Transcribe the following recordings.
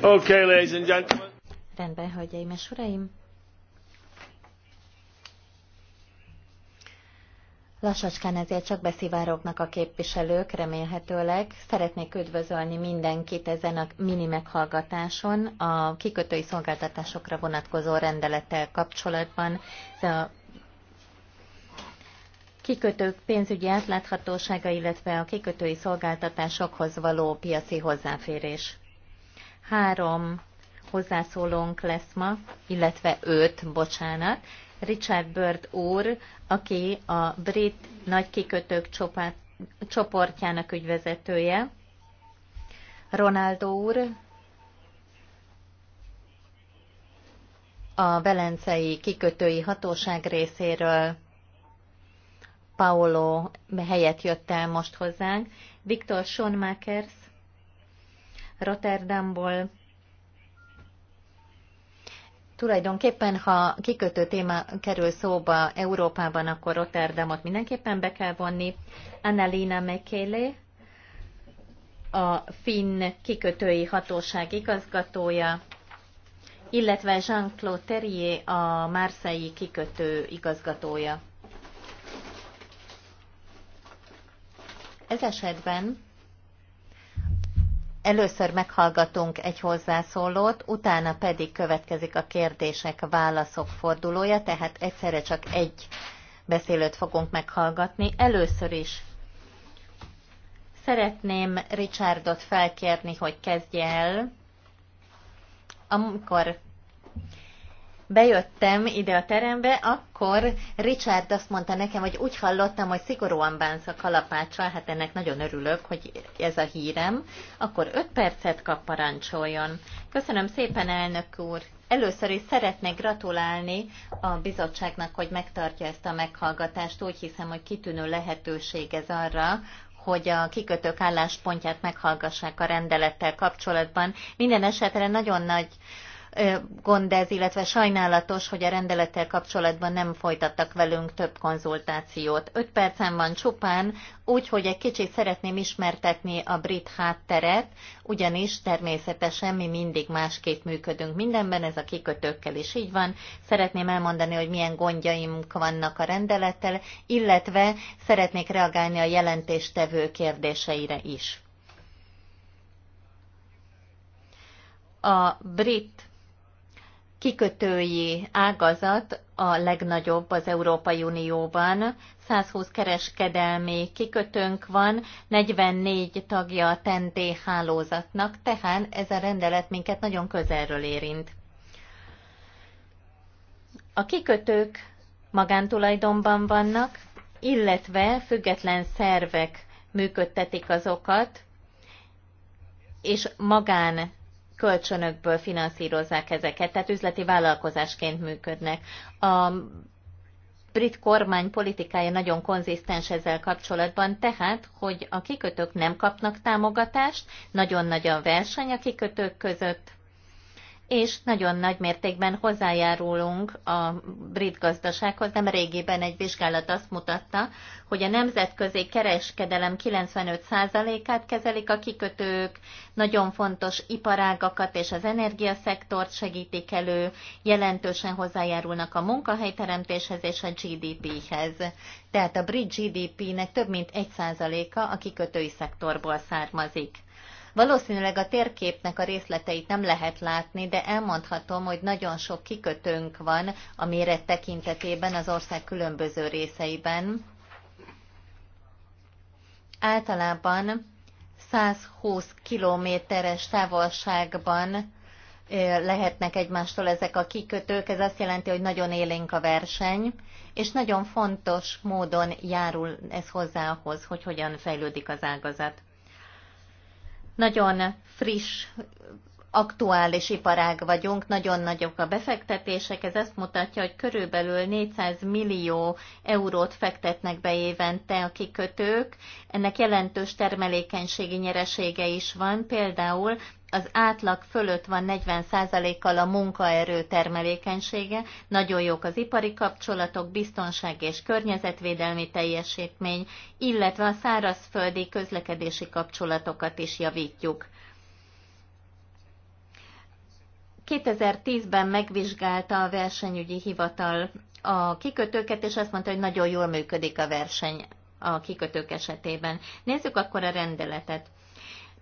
Okay, ladies and gentlemen. Rendben, hölgyeim és uraim. Lassacskán ezért csak beszivárognak a képviselők, remélhetőleg. Szeretnék üdvözölni mindenkit ezen a mini meghallgatáson a kikötői szolgáltatásokra vonatkozó rendelettel kapcsolatban. Ez a kikötők pénzügyi átláthatósága, illetve a kikötői szolgáltatásokhoz való piaci hozzáférés. Három hozzászólónk lesz ma, illetve öt, bocsánat. Richard Bird úr, aki a brit nagy kikötők csopát, csoportjának ügyvezetője, Ronaldo úr, a Velencei kikötői hatóság részéről, Paolo helyett jött el most hozzánk. Viktor Schonmakers Rotterdamból tulajdonképpen, ha kikötő téma kerül szóba Európában, akkor Rotterdamot mindenképpen be kell vonni. Annalina Mekele, a finn kikötői hatóság igazgatója, illetve Jean-Claude Terrier, a Marseille kikötő igazgatója. Ez esetben először meghallgatunk egy hozzászólót, utána pedig következik a kérdések, válaszok fordulója, tehát egyszerre csak egy beszélőt fogunk meghallgatni. Először is szeretném Richardot felkérni, hogy kezdje el, amikor bejöttem ide a terembe, akkor Richard azt mondta nekem, hogy úgy hallottam, hogy szigorúan bánsz a kalapáccsal, hát ennek nagyon örülök, hogy ez a hírem, akkor öt percet kap parancsoljon. Köszönöm szépen, elnök úr! Először is szeretnék gratulálni a bizottságnak, hogy megtartja ezt a meghallgatást. Úgy hiszem, hogy kitűnő lehetőség ez arra, hogy a kikötők álláspontját meghallgassák a rendelettel kapcsolatban. Minden esetre nagyon nagy uh, gond ez, illetve sajnálatos, hogy a rendelettel kapcsolatban nem folytattak velünk több konzultációt. Öt percen van csupán, úgyhogy egy kicsit szeretném ismertetni a brit hátteret, ugyanis természetesen mi mindig másképp működünk mindenben, ez a kikötőkkel is így van. Szeretném elmondani, hogy milyen gondjaim vannak a rendelettel, illetve szeretnék reagálni a jelentéstevő kérdéseire is. A brit kikötői ágazat a legnagyobb az Európai Unióban. 120 kereskedelmi kikötőnk van, 44 tagja a TNT hálózatnak, tehát ez a rendelet minket nagyon közelről érint. A kikötők magántulajdonban vannak, illetve független szervek működtetik azokat, és magán kölcsönökből finanszírozzák ezeket, tehát üzleti vállalkozásként működnek. A brit kormány politikája nagyon konzisztens ezzel kapcsolatban, tehát, hogy a kikötők nem kapnak támogatást, nagyon nagy a verseny a kikötők között, és nagyon nagy mértékben hozzájárulunk a brit gazdasághoz. Nem régiben egy vizsgálat azt mutatta, hogy a nemzetközi kereskedelem 95%-át kezelik a kikötők, nagyon fontos iparágakat és az energiaszektort segítik elő, jelentősen hozzájárulnak a munkahelyteremtéshez és a GDP-hez. Tehát a brit GDP-nek több mint 1%-a a kikötői szektorból származik. Valószínűleg a térképnek a részleteit nem lehet látni, de elmondhatom, hogy nagyon sok kikötőnk van a méret tekintetében az ország különböző részeiben. Általában 120 kilométeres távolságban lehetnek egymástól ezek a kikötők, ez azt jelenti, hogy nagyon élénk a verseny, és nagyon fontos módon járul ez hozzá ahhoz, hogy hogyan fejlődik az ágazat nagyon friss aktuális iparág vagyunk, nagyon nagyok a befektetések, ez azt mutatja, hogy körülbelül 400 millió eurót fektetnek be évente a kikötők, ennek jelentős termelékenységi nyeresége is van, például az átlag fölött van 40%-kal a munkaerő termelékenysége, nagyon jók az ipari kapcsolatok, biztonság és környezetvédelmi teljesítmény, illetve a szárazföldi közlekedési kapcsolatokat is javítjuk. 2010-ben megvizsgálta a versenyügyi hivatal a kikötőket, és azt mondta, hogy nagyon jól működik a verseny a kikötők esetében. Nézzük akkor a rendeletet.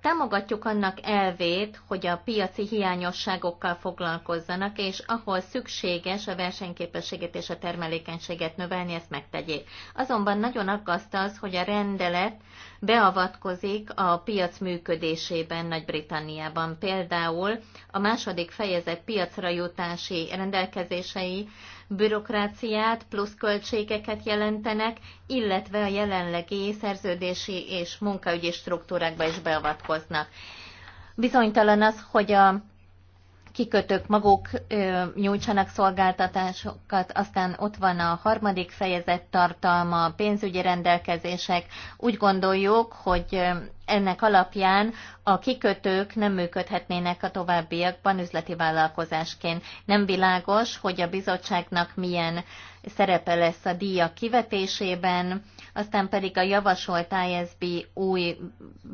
Támogatjuk annak elvét, hogy a piaci hiányosságokkal foglalkozzanak, és ahol szükséges a versenyképességet és a termelékenységet növelni, ezt megtegyék. Azonban nagyon aggaszt az, hogy a rendelet beavatkozik a piac működésében Nagy-Britanniában. Például a második fejezet piacra jutási rendelkezései bürokráciát, plusz költségeket jelentenek, illetve a jelenlegi szerződési és munkaügyi struktúrákba is beavatkoznak. Bizonytalan az, hogy a kikötők maguk nyújtsanak szolgáltatásokat, aztán ott van a harmadik fejezet tartalma, pénzügyi rendelkezések. Úgy gondoljuk, hogy ennek alapján a kikötők nem működhetnének a továbbiakban üzleti vállalkozásként. Nem világos, hogy a bizottságnak milyen szerepe lesz a díjak kivetésében, aztán pedig a javasolt ISB új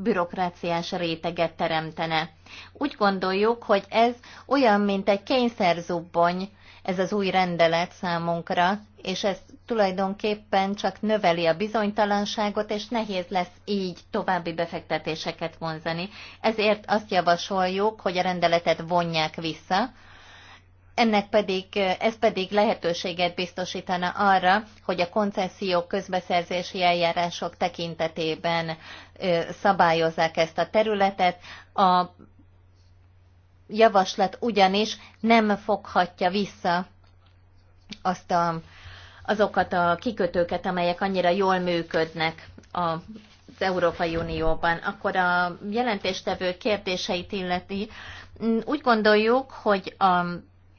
bürokráciás réteget teremtene. Úgy gondoljuk, hogy ez olyan, mint egy kényszerzubbony, ez az új rendelet számunkra, és ez tulajdonképpen csak növeli a bizonytalanságot, és nehéz lesz így további befektetéseket vonzani. Ezért azt javasoljuk, hogy a rendeletet vonják vissza, ennek pedig, ez pedig lehetőséget biztosítana arra, hogy a koncesziók közbeszerzési eljárások tekintetében szabályozzák ezt a területet. A javaslat ugyanis nem foghatja vissza azt a, azokat a kikötőket, amelyek annyira jól működnek a az Európai Unióban. Akkor a jelentéstevő kérdéseit illeti, úgy gondoljuk, hogy a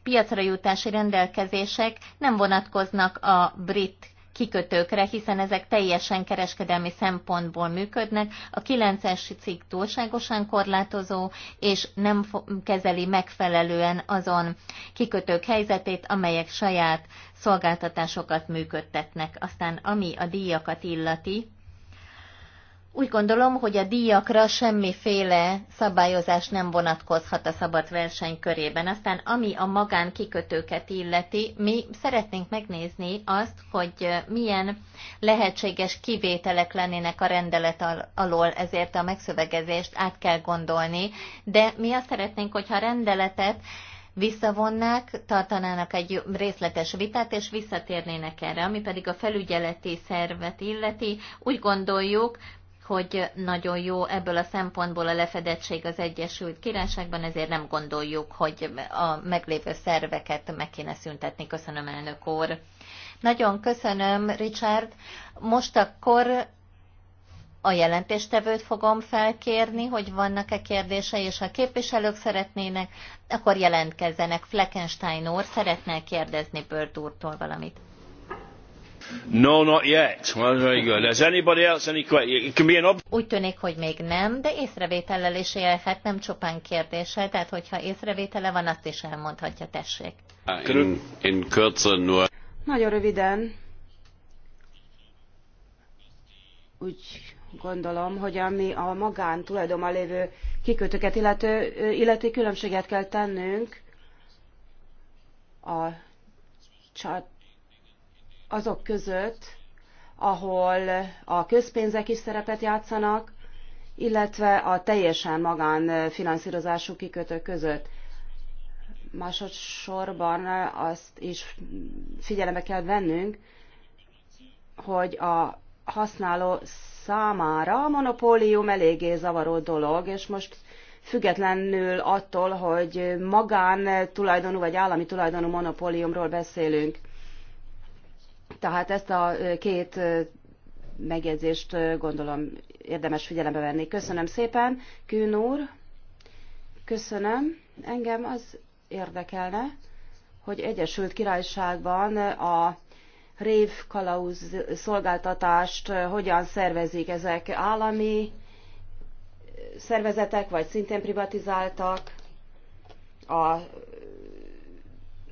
piacra jutási rendelkezések nem vonatkoznak a brit kikötőkre, hiszen ezek teljesen kereskedelmi szempontból működnek. A 9-es cikk túlságosan korlátozó, és nem kezeli megfelelően azon kikötők helyzetét, amelyek saját szolgáltatásokat működtetnek. Aztán ami a díjakat illeti, úgy gondolom, hogy a díjakra semmiféle szabályozás nem vonatkozhat a szabad verseny körében. Aztán ami a magán kikötőket illeti, mi szeretnénk megnézni azt, hogy milyen lehetséges kivételek lennének a rendelet alól, ezért a megszövegezést át kell gondolni, de mi azt szeretnénk, hogyha a rendeletet visszavonnák, tartanának egy részletes vitát, és visszatérnének erre. Ami pedig a felügyeleti szervet illeti, úgy gondoljuk, hogy nagyon jó ebből a szempontból a lefedettség az Egyesült Királyságban, ezért nem gondoljuk, hogy a meglévő szerveket meg kéne szüntetni. Köszönöm, elnök úr. Nagyon köszönöm, Richard. Most akkor a jelentéstevőt fogom felkérni, hogy vannak-e kérdései, és ha képviselők szeretnének, akkor jelentkezzenek. Fleckenstein úr szeretne kérdezni Börd úrtól valamit. No, not yet. Well, very good. Has anybody else any It can be an ob- Úgy tűnik, hogy még nem, de észrevétellel is élhet, nem csupán kérdéssel, tehát hogyha észrevétele van, azt is elmondhatja, tessék. In, in kürze nur. Nagyon röviden. Úgy gondolom, hogy ami a magán tulajdonban lévő kikötőket illető, illeti különbséget kell tennünk a csat azok között, ahol a közpénzek is szerepet játszanak, illetve a teljesen magánfinanszírozású kikötők között. Másodszorban azt is figyelembe kell vennünk, hogy a használó számára a monopólium eléggé zavaró dolog, és most függetlenül attól, hogy magán tulajdonú vagy állami tulajdonú monopóliumról beszélünk. Tehát ezt a két megjegyzést gondolom érdemes figyelembe venni. Köszönöm szépen, Kűn úr. Köszönöm. Engem az érdekelne, hogy Egyesült Királyságban a rév kalauz szolgáltatást hogyan szervezik ezek állami szervezetek, vagy szintén privatizáltak a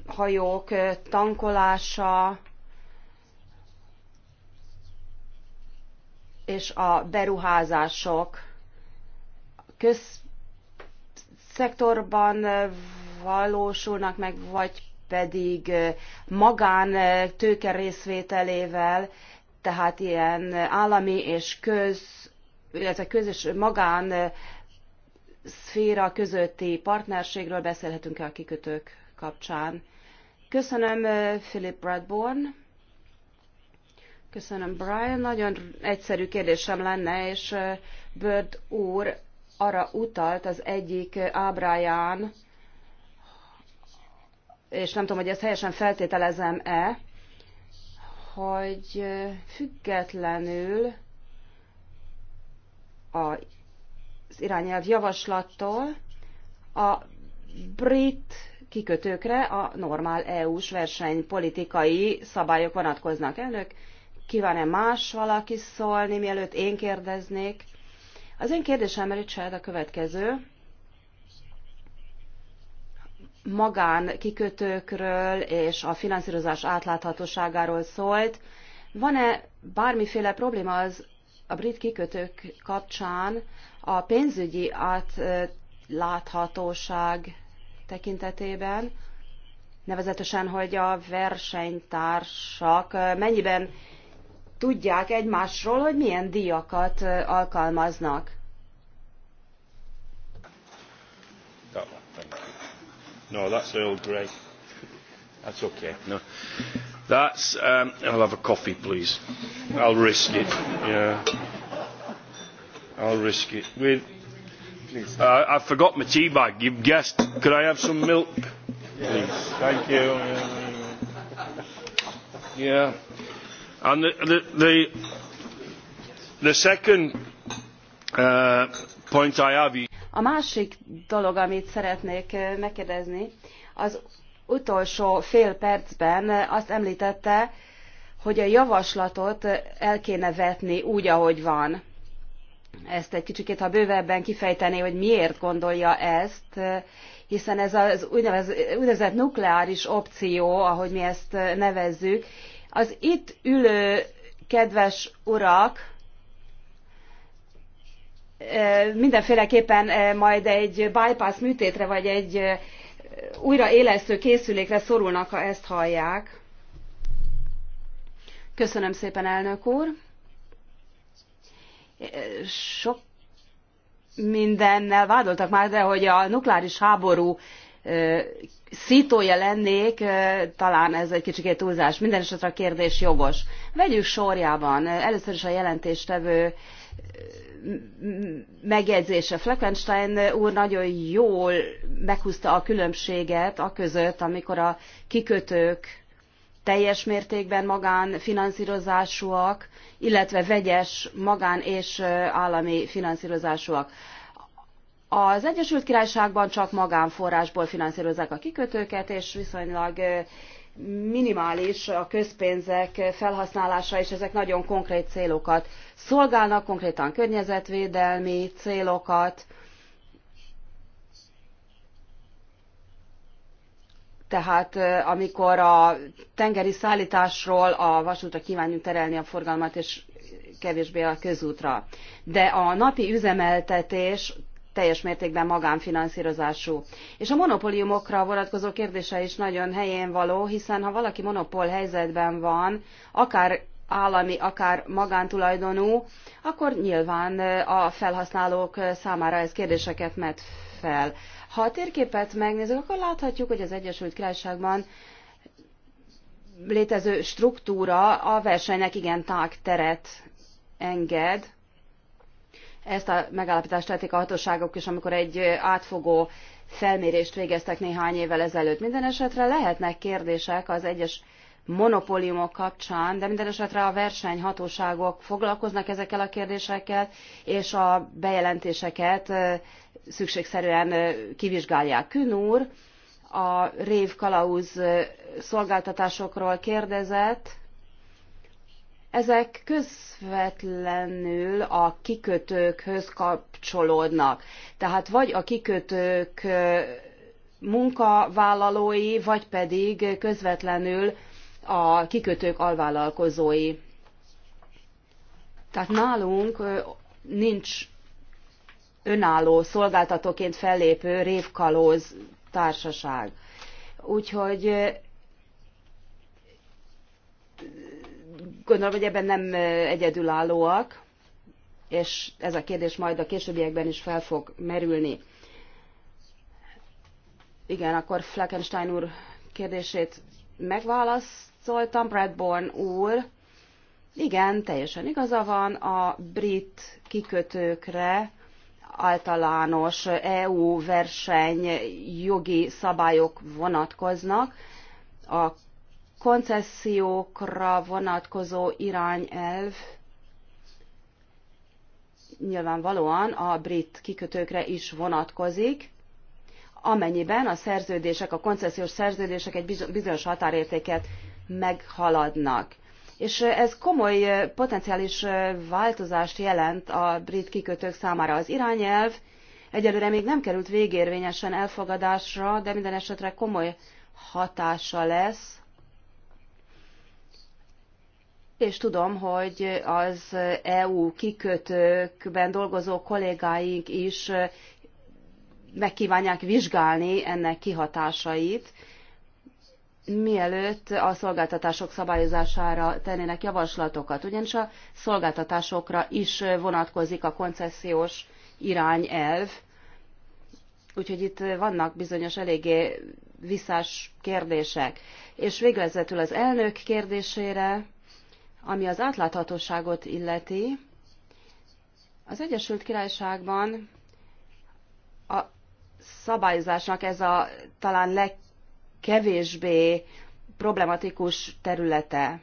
hajók tankolása, és a beruházások közszektorban valósulnak meg, vagy pedig magán tőke részvételével, tehát ilyen állami és köz, illetve köz és magán szféra közötti partnerségről beszélhetünk-e a kikötők kapcsán. Köszönöm Philip Bradborn. Köszönöm, Brian. Nagyon egyszerű kérdésem lenne, és Bird úr arra utalt az egyik ábráján, és nem tudom, hogy ezt helyesen feltételezem-e, hogy függetlenül az irányelv javaslattól a brit kikötőkre a normál EU-s versenypolitikai szabályok vonatkoznak. Elnök, Kíván-e más valaki szólni, mielőtt én kérdeznék? Az én kérdésem, Richard, a következő. Magán kikötőkről és a finanszírozás átláthatóságáról szólt. Van-e bármiféle probléma az a brit kikötők kapcsán a pénzügyi átláthatóság tekintetében? nevezetesen, hogy a versenytársak mennyiben tudják egymásról, hogy milyen díjakat alkalmaznak. No, that's Earl Grey. That's okay. No. That's. Um, I'll have a coffee, please. I'll risk it. Yeah. I'll risk it. With. Uh, I forgot my tea bag. You've guessed. Could I have some milk? Please. Thank you. Yeah. A másik dolog, amit szeretnék uh, megkérdezni, az utolsó fél percben uh, azt említette, hogy a javaslatot uh, el kéne vetni úgy, ahogy van. Ezt egy kicsikét, ha bővebben kifejtené, hogy miért gondolja ezt, hiszen ez az úgynevezett nukleáris opció, ahogy mi ezt nevezzük, az itt ülő kedves urak mindenféleképpen majd egy bypass műtétre vagy egy újraélesztő készülékre szorulnak, ha ezt hallják. Köszönöm szépen, elnök úr. Sok mindennel vádoltak már, de hogy a nukleáris háború szítója lennék, talán ez egy kicsikét túlzás. Minden esetre a kérdés jogos. Vegyük sorjában. Először is a jelentéstevő megjegyzése. Fleckenstein úr nagyon jól meghúzta a különbséget a között, amikor a kikötők teljes mértékben magánfinanszírozásúak, illetve vegyes magán és állami finanszírozásúak. Az Egyesült Királyságban csak magánforrásból finanszírozzák a kikötőket, és viszonylag minimális a közpénzek felhasználása, és ezek nagyon konkrét célokat szolgálnak, konkrétan környezetvédelmi célokat. Tehát amikor a tengeri szállításról a vasútra kívánjuk terelni a forgalmat, és kevésbé a közútra. De a napi üzemeltetés teljes mértékben magánfinanszírozású. És a monopóliumokra vonatkozó kérdése is nagyon helyén való, hiszen ha valaki monopól helyzetben van, akár állami, akár magántulajdonú, akkor nyilván a felhasználók számára ez kérdéseket met fel. Ha a térképet megnézzük, akkor láthatjuk, hogy az Egyesült Királyságban létező struktúra a versenynek igen tág teret enged, ezt a megállapítást tették a hatóságok is, amikor egy átfogó felmérést végeztek néhány évvel ezelőtt. Minden esetre lehetnek kérdések az egyes monopóliumok kapcsán, de minden esetre a versenyhatóságok foglalkoznak ezekkel a kérdésekkel, és a bejelentéseket szükségszerűen kivizsgálják. Kün úr a rév kalauz szolgáltatásokról kérdezett, ezek közvetlenül a kikötőkhöz kapcsolódnak. Tehát vagy a kikötők munkavállalói, vagy pedig közvetlenül a kikötők alvállalkozói. Tehát nálunk nincs önálló szolgáltatóként fellépő révkalóz társaság. Úgyhogy Gondolom, hogy ebben nem egyedülállóak, és ez a kérdés majd a későbbiekben is fel fog merülni. Igen, akkor Fleckenstein úr kérdését megválaszoltam, Bradborn úr. Igen, teljesen igaza van, a brit kikötőkre általános EU verseny jogi szabályok vonatkoznak. A koncesziókra vonatkozó irányelv nyilvánvalóan a brit kikötőkre is vonatkozik, amennyiben a szerződések, a koncesziós szerződések egy bizonyos határértéket meghaladnak. És ez komoly potenciális változást jelent a brit kikötők számára. Az irányelv egyelőre még nem került végérvényesen elfogadásra, de minden esetre komoly hatása lesz és tudom, hogy az EU kikötőkben dolgozó kollégáink is megkívánják vizsgálni ennek kihatásait, mielőtt a szolgáltatások szabályozására tennének javaslatokat, ugyanis a szolgáltatásokra is vonatkozik a koncesziós irányelv, úgyhogy itt vannak bizonyos eléggé visszás kérdések. És végezetül az elnök kérdésére, ami az átláthatóságot illeti, az Egyesült Királyságban a szabályozásnak ez a talán legkevésbé problematikus területe.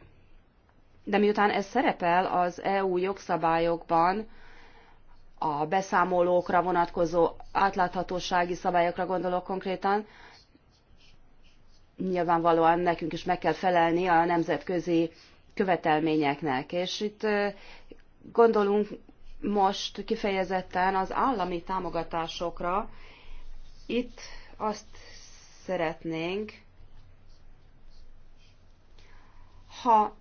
De miután ez szerepel az EU jogszabályokban, a beszámolókra vonatkozó átláthatósági szabályokra gondolok konkrétan, nyilvánvalóan nekünk is meg kell felelni a nemzetközi követelményeknek. És itt gondolunk most kifejezetten az állami támogatásokra. Itt azt szeretnénk, ha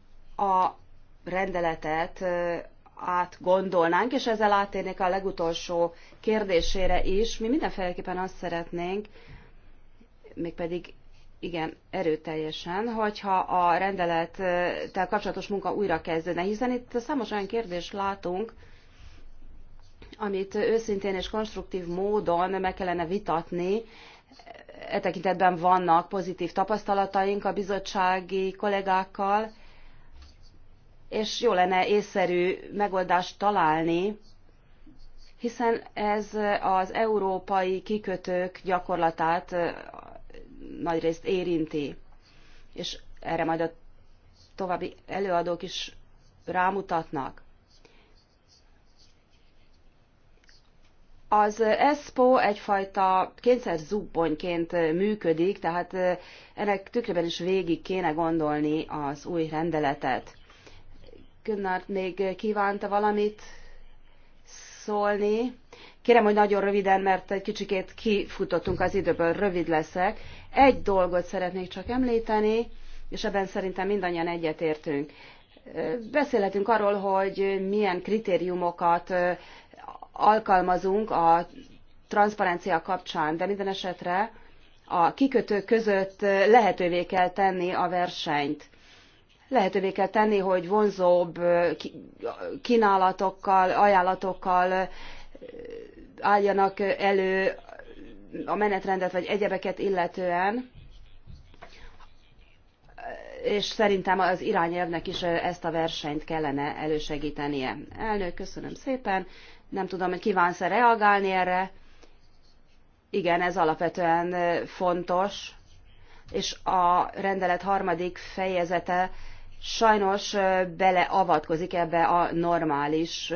a rendeletet átgondolnánk, és ezzel átérnék a legutolsó kérdésére is. Mi mindenféleképpen azt szeretnénk, mégpedig igen erőteljesen, hogyha a rendelettel kapcsolatos munka újra kezdődne, hiszen itt számos olyan kérdést látunk, amit őszintén és konstruktív módon meg kellene vitatni. E tekintetben vannak pozitív tapasztalataink a bizottsági kollégákkal, és jó lenne észszerű megoldást találni, hiszen ez az európai kikötők gyakorlatát nagyrészt érinti. És erre majd a további előadók is rámutatnak. Az ESPO egyfajta kényszer zubbonyként működik, tehát ennek tükrében is végig kéne gondolni az új rendeletet. Gunnar még kívánta valamit szólni. Kérem, hogy nagyon röviden, mert egy kicsikét kifutottunk az időből, rövid leszek. Egy dolgot szeretnék csak említeni, és ebben szerintem mindannyian egyetértünk. Beszélhetünk arról, hogy milyen kritériumokat alkalmazunk a transzparencia kapcsán, de minden esetre a kikötők között lehetővé kell tenni a versenyt. Lehetővé kell tenni, hogy vonzóbb kínálatokkal, ajánlatokkal álljanak elő a menetrendet vagy egyebeket illetően, és szerintem az irányelvnek is ezt a versenyt kellene elősegítenie. Elnök, köszönöm szépen. Nem tudom, hogy kívánsz-e reagálni erre. Igen, ez alapvetően fontos, és a rendelet harmadik fejezete sajnos beleavatkozik ebbe a normális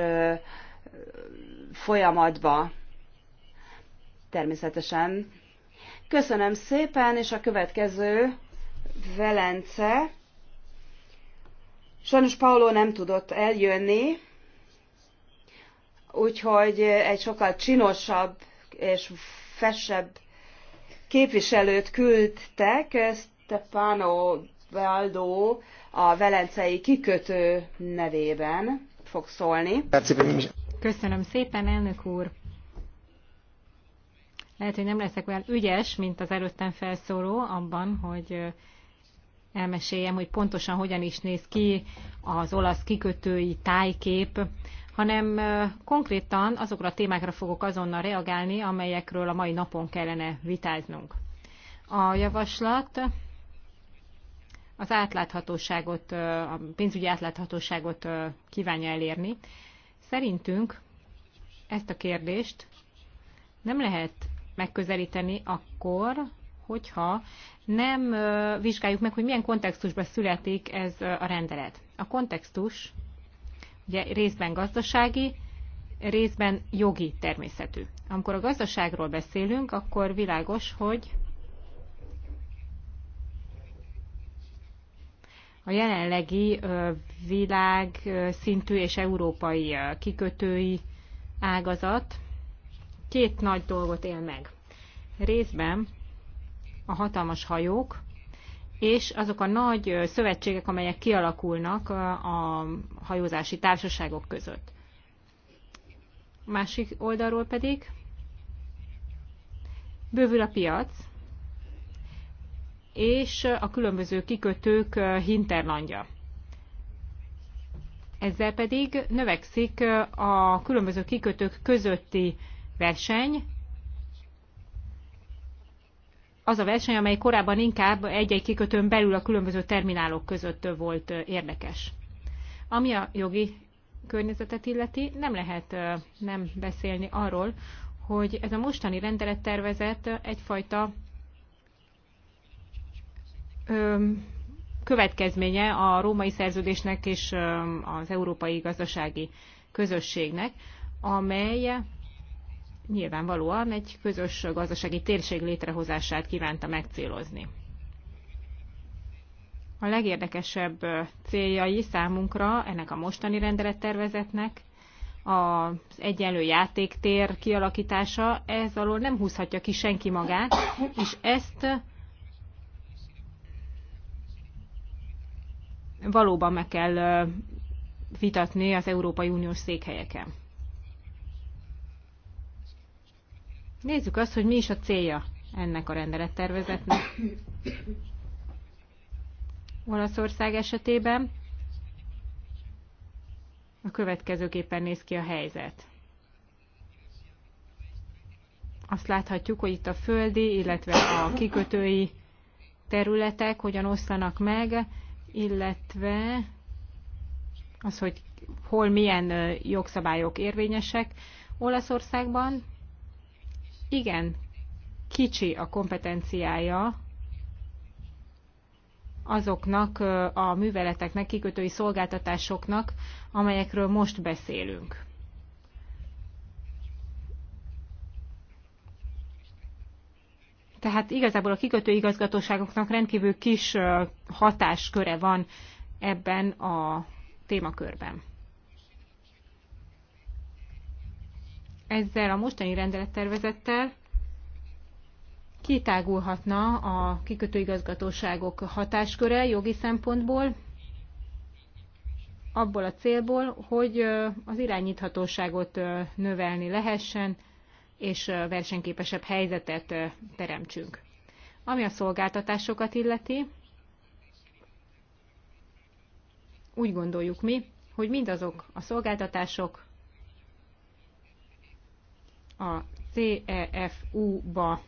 folyamatba természetesen. Köszönöm szépen, és a következő Velence. Sajnos Paolo nem tudott eljönni, úgyhogy egy sokkal csinosabb és fessebb képviselőt küldtek, Stefano Valdo a velencei kikötő nevében fog szólni. Köszönöm szépen, elnök úr! Lehet, hogy nem leszek olyan ügyes, mint az előttem felszóló abban, hogy elmeséljem, hogy pontosan hogyan is néz ki az olasz kikötői tájkép, hanem konkrétan azokra a témákra fogok azonnal reagálni, amelyekről a mai napon kellene vitáznunk. A javaslat az átláthatóságot, a pénzügyi átláthatóságot kívánja elérni. Szerintünk ezt a kérdést nem lehet megközelíteni akkor, hogyha nem vizsgáljuk meg, hogy milyen kontextusban születik ez a rendelet. A kontextus ugye részben gazdasági, részben jogi természetű. Amikor a gazdaságról beszélünk, akkor világos, hogy a jelenlegi világszintű és európai kikötői ágazat két nagy dolgot él meg. Részben a hatalmas hajók, és azok a nagy szövetségek, amelyek kialakulnak a hajózási társaságok között. Másik oldalról pedig bővül a piac, és a különböző kikötők hinterlandja. Ezzel pedig növekszik a különböző kikötők közötti verseny, az a verseny, amely korábban inkább egy-egy kikötőn belül a különböző terminálok között volt érdekes. Ami a jogi környezetet illeti, nem lehet nem beszélni arról, hogy ez a mostani rendelettervezet egyfajta következménye a római szerződésnek és az európai gazdasági közösségnek, amely nyilvánvalóan egy közös gazdasági térség létrehozását kívánta megcélozni. A legérdekesebb céljai számunkra ennek a mostani rendelettervezetnek az egyenlő játéktér kialakítása, ez alól nem húzhatja ki senki magát, és ezt valóban meg kell vitatni az Európai Uniós székhelyeken. Nézzük azt, hogy mi is a célja ennek a rendelettervezetnek. Olaszország esetében a következőképpen néz ki a helyzet. Azt láthatjuk, hogy itt a földi, illetve a kikötői területek hogyan oszlanak meg, illetve az, hogy hol milyen jogszabályok érvényesek Olaszországban, igen kicsi a kompetenciája azoknak a műveleteknek, kikötői szolgáltatásoknak, amelyekről most beszélünk. Tehát igazából a kikötő igazgatóságoknak rendkívül kis hatásköre van ebben a témakörben. ezzel a mostani rendelettervezettel kitágulhatna a kikötőigazgatóságok hatásköre jogi szempontból, abból a célból, hogy az irányíthatóságot növelni lehessen, és versenyképesebb helyzetet teremtsünk. Ami a szolgáltatásokat illeti, úgy gondoljuk mi, hogy mindazok a szolgáltatások, a CEFU-ba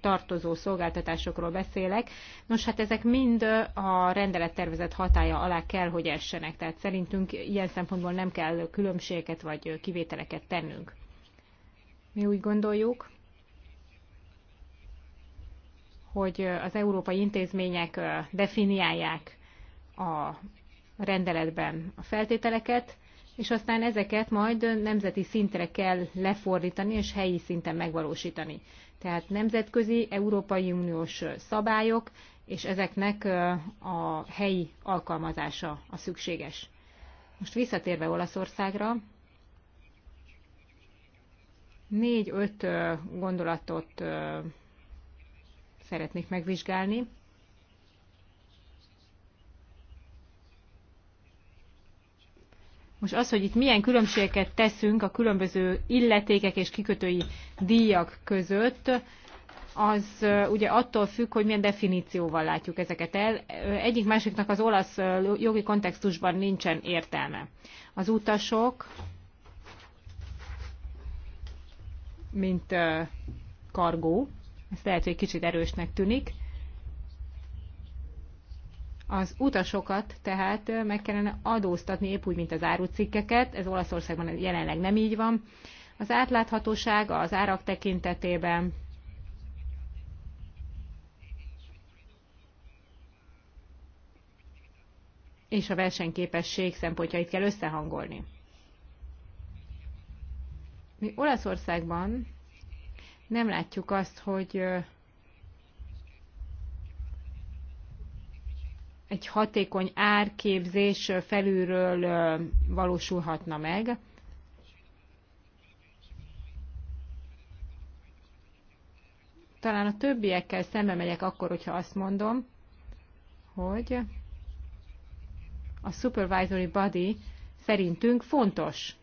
tartozó szolgáltatásokról beszélek. Nos, hát ezek mind a rendelettervezet hatája alá kell, hogy essenek. Tehát szerintünk ilyen szempontból nem kell különbségeket vagy kivételeket tennünk. Mi úgy gondoljuk, hogy az európai intézmények definiálják a rendeletben a feltételeket, és aztán ezeket majd nemzeti szintre kell lefordítani és helyi szinten megvalósítani. Tehát nemzetközi, Európai Uniós szabályok, és ezeknek a helyi alkalmazása a szükséges. Most visszatérve Olaszországra, négy-öt gondolatot szeretnék megvizsgálni. Most az, hogy itt milyen különbségeket teszünk a különböző illetékek és kikötői díjak között, az ugye attól függ, hogy milyen definícióval látjuk ezeket el. Egyik másiknak az olasz jogi kontextusban nincsen értelme. Az utasok, mint kargó, ez lehet, hogy kicsit erősnek tűnik, az utasokat tehát meg kellene adóztatni, épp úgy, mint az árucikkeket. Ez Olaszországban jelenleg nem így van. Az átláthatóság az árak tekintetében és a versenyképesség szempontjait kell összehangolni. Mi Olaszországban nem látjuk azt, hogy egy hatékony árképzés felülről valósulhatna meg. Talán a többiekkel szembe megyek akkor, hogyha azt mondom, hogy a supervisory body szerintünk fontos.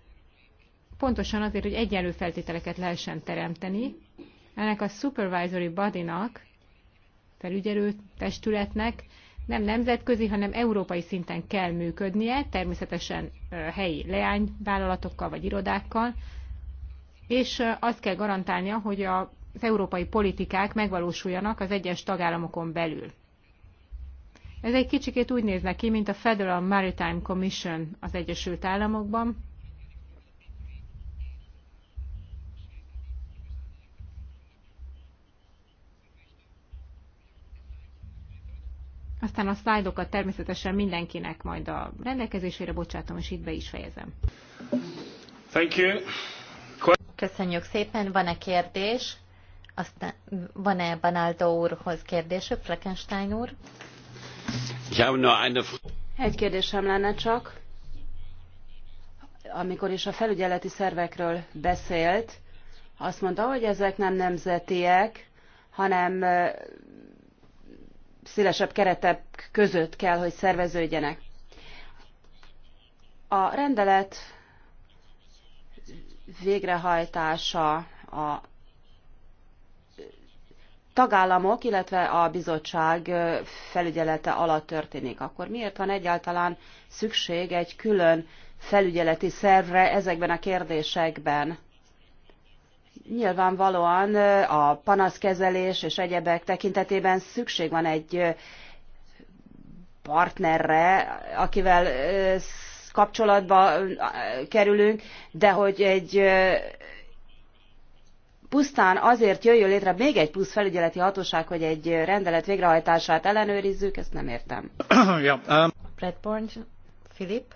Pontosan azért, hogy egyenlő feltételeket lehessen teremteni. Ennek a supervisory bodynak, felügyelő testületnek nem nemzetközi, hanem európai szinten kell működnie, természetesen helyi leányvállalatokkal vagy irodákkal, és azt kell garantálnia, hogy az európai politikák megvalósuljanak az egyes tagállamokon belül. Ez egy kicsikét úgy néz neki, mint a Federal Maritime Commission az Egyesült Államokban, aztán a szlájdokat természetesen mindenkinek majd a rendelkezésére bocsátom, és itt be is fejezem. Thank you. Köszönjük szépen. Van-e kérdés? Aztán van-e Banaldo úrhoz kérdésük, Fleckenstein úr? Egy kérdésem lenne csak. Amikor is a felügyeleti szervekről beszélt, azt mondta, hogy ezek nem nemzetiek, hanem szélesebb keretek között kell, hogy szerveződjenek. A rendelet végrehajtása a tagállamok, illetve a bizottság felügyelete alatt történik. Akkor miért van egyáltalán szükség egy külön felügyeleti szervre ezekben a kérdésekben? Nyilvánvalóan a panaszkezelés és egyebek tekintetében szükség van egy partnerre, akivel kapcsolatba kerülünk, de hogy egy pusztán azért jöjjön létre még egy plusz felügyeleti hatóság, hogy egy rendelet végrehajtását ellenőrizzük, ezt nem értem. yeah, um... Philip?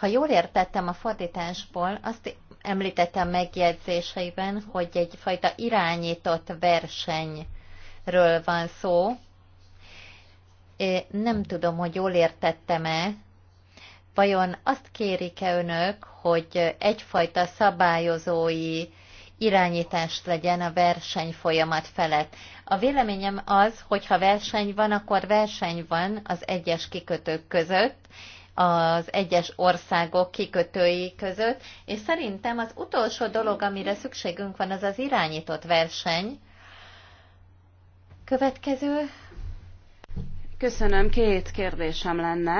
Ha jól értettem a fordításból, azt említette a megjegyzéseiben, hogy egyfajta irányított versenyről van szó. Nem tudom, hogy jól értettem-e, vajon azt kérik-e önök, hogy egyfajta szabályozói irányítást legyen a verseny folyamat felett. A véleményem az, hogy ha verseny van, akkor verseny van az egyes kikötők között, az egyes országok kikötői között, és szerintem az utolsó dolog, amire szükségünk van, az az irányított verseny. Következő. Köszönöm, két kérdésem lenne.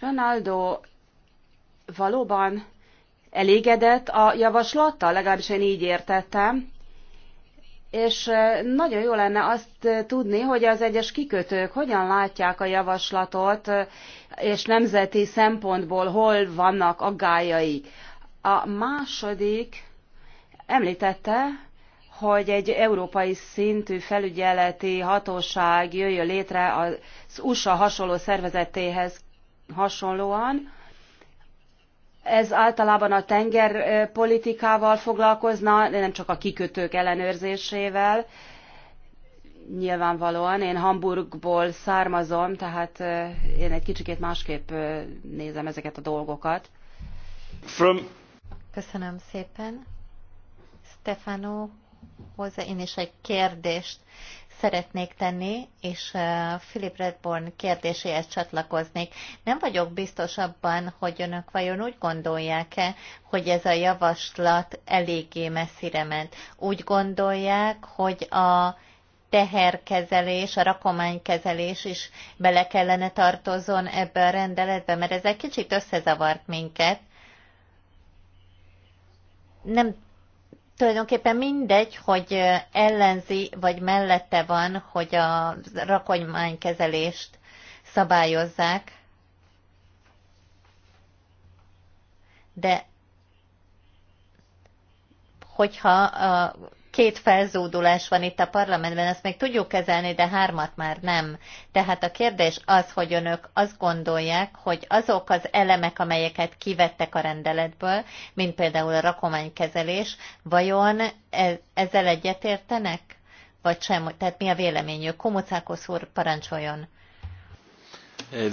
Ronaldo valóban elégedett a javaslattal, legalábbis én így értettem, és nagyon jó lenne azt tudni, hogy az egyes kikötők hogyan látják a javaslatot, és nemzeti szempontból hol vannak aggályai. A második említette, hogy egy európai szintű felügyeleti hatóság jöjjön létre az USA hasonló szervezetéhez hasonlóan. Ez általában a tengerpolitikával foglalkozna, nem csak a kikötők ellenőrzésével, nyilvánvalóan. Én Hamburgból származom, tehát én egy kicsikét másképp nézem ezeket a dolgokat. From... Köszönöm szépen. Stefano, hozzá én is egy kérdést szeretnék tenni, és Philip Redborn kérdéséhez csatlakoznék. Nem vagyok biztos abban, hogy önök vajon úgy gondolják-e, hogy ez a javaslat eléggé messzire ment. Úgy gondolják, hogy a teherkezelés, a rakománykezelés is bele kellene tartozzon ebbe a rendeletbe, mert ez egy kicsit összezavart minket. Nem tulajdonképpen mindegy, hogy ellenzi vagy mellette van, hogy a rakománykezelést szabályozzák, de hogyha a két felzódulás van itt a parlamentben, ezt még tudjuk kezelni, de hármat már nem. Tehát a kérdés az, hogy önök azt gondolják, hogy azok az elemek, amelyeket kivettek a rendeletből, mint például a rakománykezelés, vajon e, ezzel egyetértenek? Vagy sem? Tehát mi a véleményük? Komucákos úr, parancsoljon.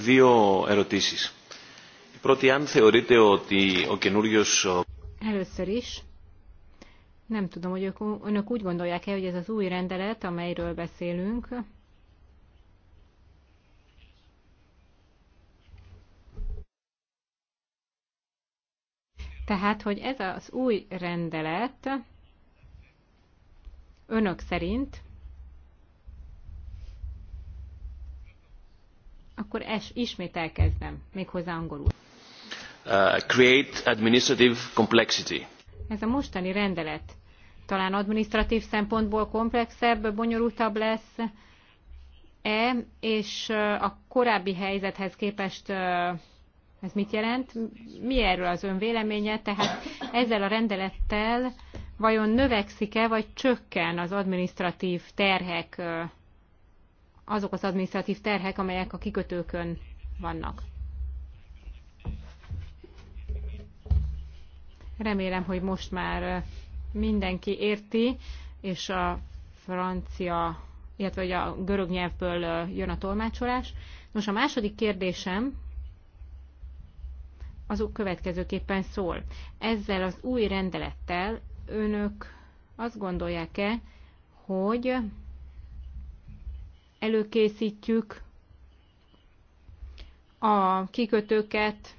Δύο ερωτήσεις. Η πρώτη, αν θεωρείτε ότι ο καινούριος... Először is, nem tudom, hogy önök úgy gondolják-e, hogy ez az új rendelet, amelyről beszélünk, Tehát, hogy ez az új rendelet önök szerint akkor es, ismét elkezdem, méghozzá angolul. Uh, create administrative complexity ez a mostani rendelet talán administratív szempontból komplexebb, bonyolultabb lesz, E, és a korábbi helyzethez képest ez mit jelent? Mi erről az ön véleménye? Tehát ezzel a rendelettel vajon növekszik-e, vagy csökken az administratív terhek, azok az administratív terhek, amelyek a kikötőkön vannak? Remélem, hogy most már mindenki érti, és a francia, illetve a görög nyelvből jön a tolmácsolás. Nos, a második kérdésem azok következőképpen szól. Ezzel az új rendelettel önök azt gondolják-e, hogy előkészítjük a kikötőket,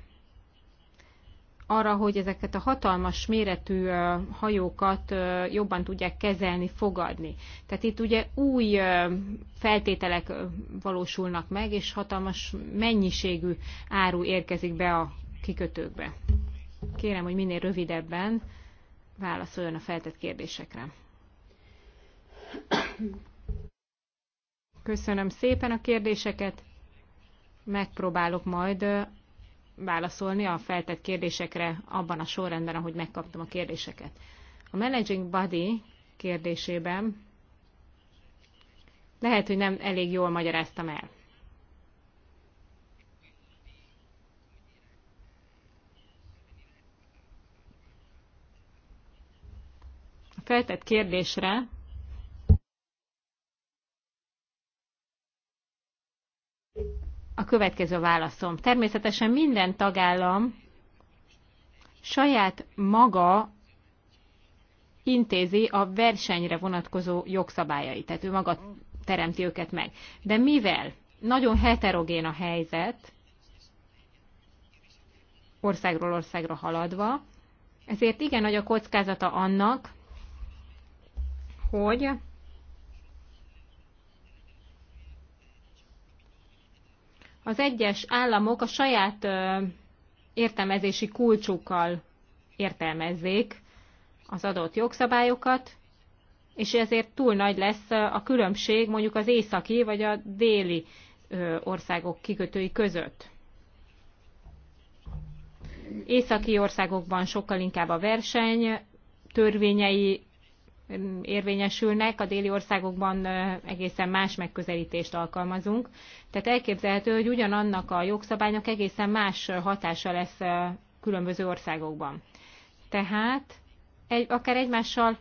arra, hogy ezeket a hatalmas méretű hajókat jobban tudják kezelni, fogadni. Tehát itt ugye új feltételek valósulnak meg, és hatalmas mennyiségű áru érkezik be a kikötőkbe. Kérem, hogy minél rövidebben válaszoljon a feltett kérdésekre. Köszönöm szépen a kérdéseket. Megpróbálok majd válaszolni a feltett kérdésekre abban a sorrendben, ahogy megkaptam a kérdéseket. A Managing Body kérdésében lehet, hogy nem elég jól magyaráztam el. A feltett kérdésre a következő válaszom. Természetesen minden tagállam saját maga intézi a versenyre vonatkozó jogszabályait, tehát ő maga teremti őket meg. De mivel nagyon heterogén a helyzet, országról országra haladva, ezért igen nagy a kockázata annak, hogy az egyes államok a saját értelmezési kulcsukkal értelmezzék az adott jogszabályokat, és ezért túl nagy lesz a különbség mondjuk az északi vagy a déli országok kikötői között. Északi országokban sokkal inkább a verseny törvényei érvényesülnek, a déli országokban egészen más megközelítést alkalmazunk. Tehát elképzelhető, hogy ugyanannak a jogszabálynak egészen más hatása lesz különböző országokban. Tehát egy, akár egymással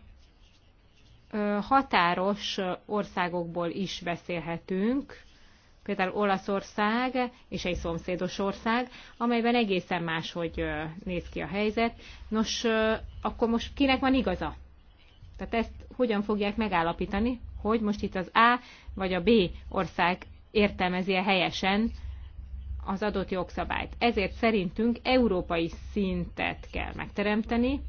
határos országokból is beszélhetünk, például Olaszország és egy szomszédos ország, amelyben egészen máshogy néz ki a helyzet. Nos, akkor most kinek van igaza? Tehát ezt hogyan fogják megállapítani, hogy most itt az A vagy a B ország értelmezi -e helyesen az adott jogszabályt. Ezért szerintünk európai szintet kell megteremteni.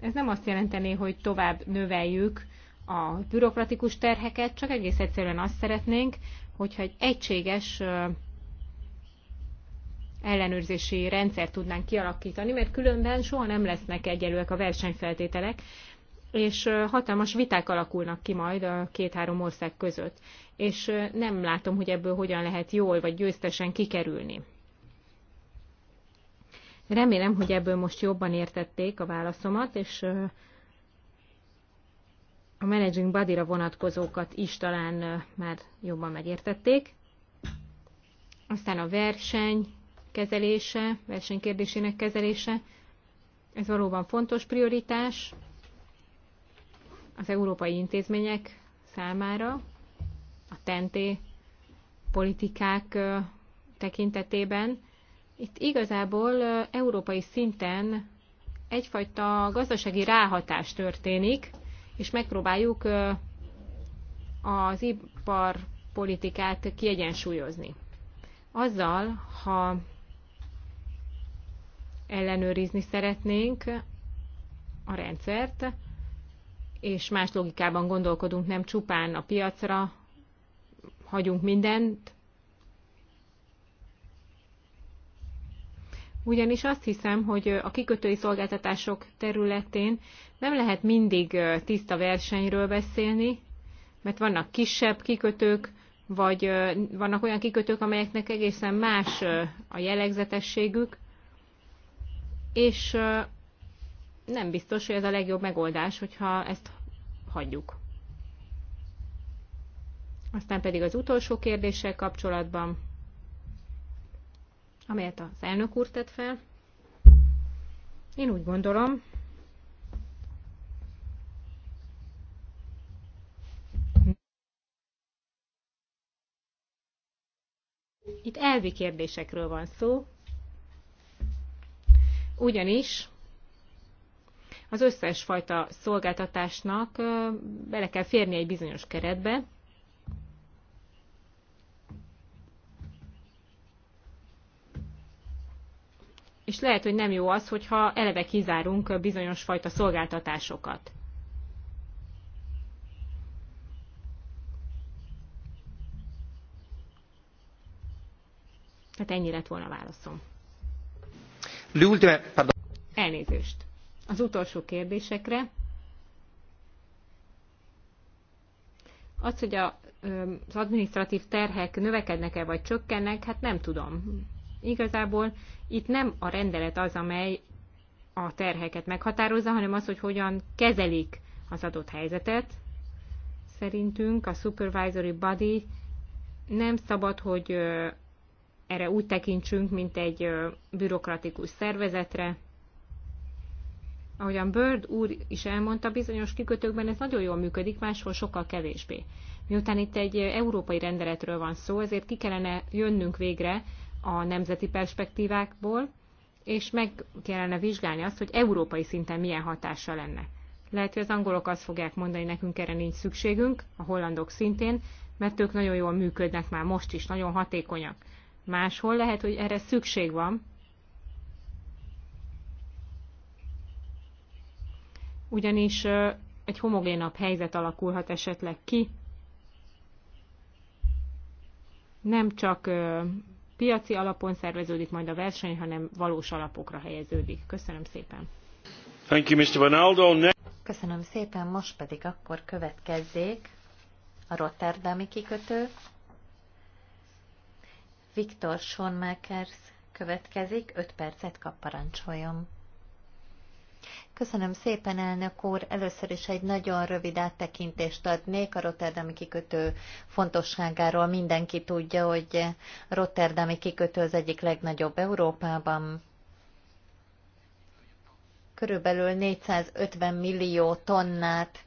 Ez nem azt jelenteni, hogy tovább növeljük a bürokratikus terheket, csak egész egyszerűen azt szeretnénk, hogyha egy egységes ellenőrzési rendszer tudnánk kialakítani, mert különben soha nem lesznek egyelőek a versenyfeltételek, és hatalmas viták alakulnak ki majd a két-három ország között, és nem látom, hogy ebből hogyan lehet jól vagy győztesen kikerülni. Remélem, hogy ebből most jobban értették a válaszomat, és a Managing Body-ra vonatkozókat is talán már jobban megértették. Aztán a verseny kezelése, versenykérdésének kezelése, ez valóban fontos prioritás, az európai intézmények számára, a tenté politikák tekintetében. Itt igazából európai szinten egyfajta gazdasági ráhatás történik, és megpróbáljuk az iparpolitikát kiegyensúlyozni. Azzal, ha ellenőrizni szeretnénk a rendszert, és más logikában gondolkodunk, nem csupán a piacra hagyunk mindent. Ugyanis azt hiszem, hogy a kikötői szolgáltatások területén nem lehet mindig tiszta versenyről beszélni, mert vannak kisebb kikötők, vagy vannak olyan kikötők, amelyeknek egészen más a jellegzetességük, és nem biztos, hogy ez a legjobb megoldás, hogyha ezt hagyjuk. Aztán pedig az utolsó kérdéssel kapcsolatban, amelyet az elnök úr tett fel. Én úgy gondolom, itt elvi kérdésekről van szó, ugyanis az összes fajta szolgáltatásnak bele kell férni egy bizonyos keretbe, és lehet, hogy nem jó az, hogyha eleve kizárunk bizonyos fajta szolgáltatásokat. Tehát ennyi lett volna a válaszom. Elnézést az utolsó kérdésekre. Az, hogy a, az administratív terhek növekednek-e vagy csökkennek, hát nem tudom. Igazából itt nem a rendelet az, amely a terheket meghatározza, hanem az, hogy hogyan kezelik az adott helyzetet. Szerintünk a supervisory body nem szabad, hogy erre úgy tekintsünk, mint egy bürokratikus szervezetre, ahogyan Bird úr is elmondta, bizonyos kikötőkben ez nagyon jól működik, máshol sokkal kevésbé. Miután itt egy európai rendeletről van szó, ezért ki kellene jönnünk végre a nemzeti perspektívákból, és meg kellene vizsgálni azt, hogy európai szinten milyen hatása lenne. Lehet, hogy az angolok azt fogják mondani, nekünk erre nincs szükségünk, a hollandok szintén, mert ők nagyon jól működnek már most is, nagyon hatékonyak. Máshol lehet, hogy erre szükség van, ugyanis egy homogénabb helyzet alakulhat esetleg ki. Nem csak piaci alapon szerveződik majd a verseny, hanem valós alapokra helyeződik. Köszönöm szépen. Thank you, Mr. Ronaldo. Köszönöm szépen, most pedig akkor következzék a Rotterdami kikötő. Viktor Schoenmakers következik, 5 percet kap parancsoljon. Köszönöm szépen, elnök úr. Először is egy nagyon rövid áttekintést adnék a Rotterdami kikötő fontosságáról. Mindenki tudja, hogy a Rotterdami kikötő az egyik legnagyobb Európában. Körülbelül 450 millió tonnát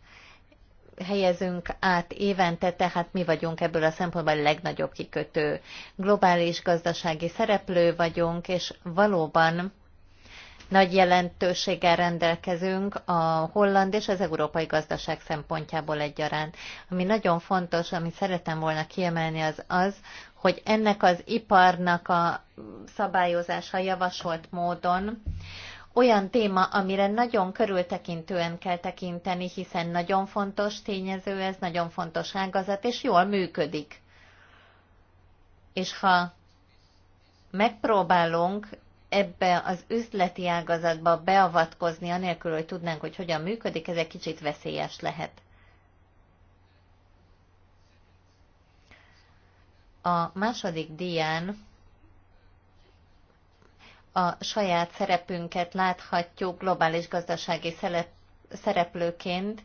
helyezünk át évente, tehát mi vagyunk ebből a szempontból a legnagyobb kikötő. Globális gazdasági szereplő vagyunk, és valóban nagy jelentőséggel rendelkezünk a holland és az európai gazdaság szempontjából egyaránt. Ami nagyon fontos, amit szeretem volna kiemelni, az az, hogy ennek az iparnak a szabályozása javasolt módon olyan téma, amire nagyon körültekintően kell tekinteni, hiszen nagyon fontos tényező ez, nagyon fontos ágazat, és jól működik. És ha megpróbálunk ebbe az üzleti ágazatba beavatkozni, anélkül, hogy tudnánk, hogy hogyan működik, ez egy kicsit veszélyes lehet. A második dián a saját szerepünket láthatjuk globális gazdasági szereplőként,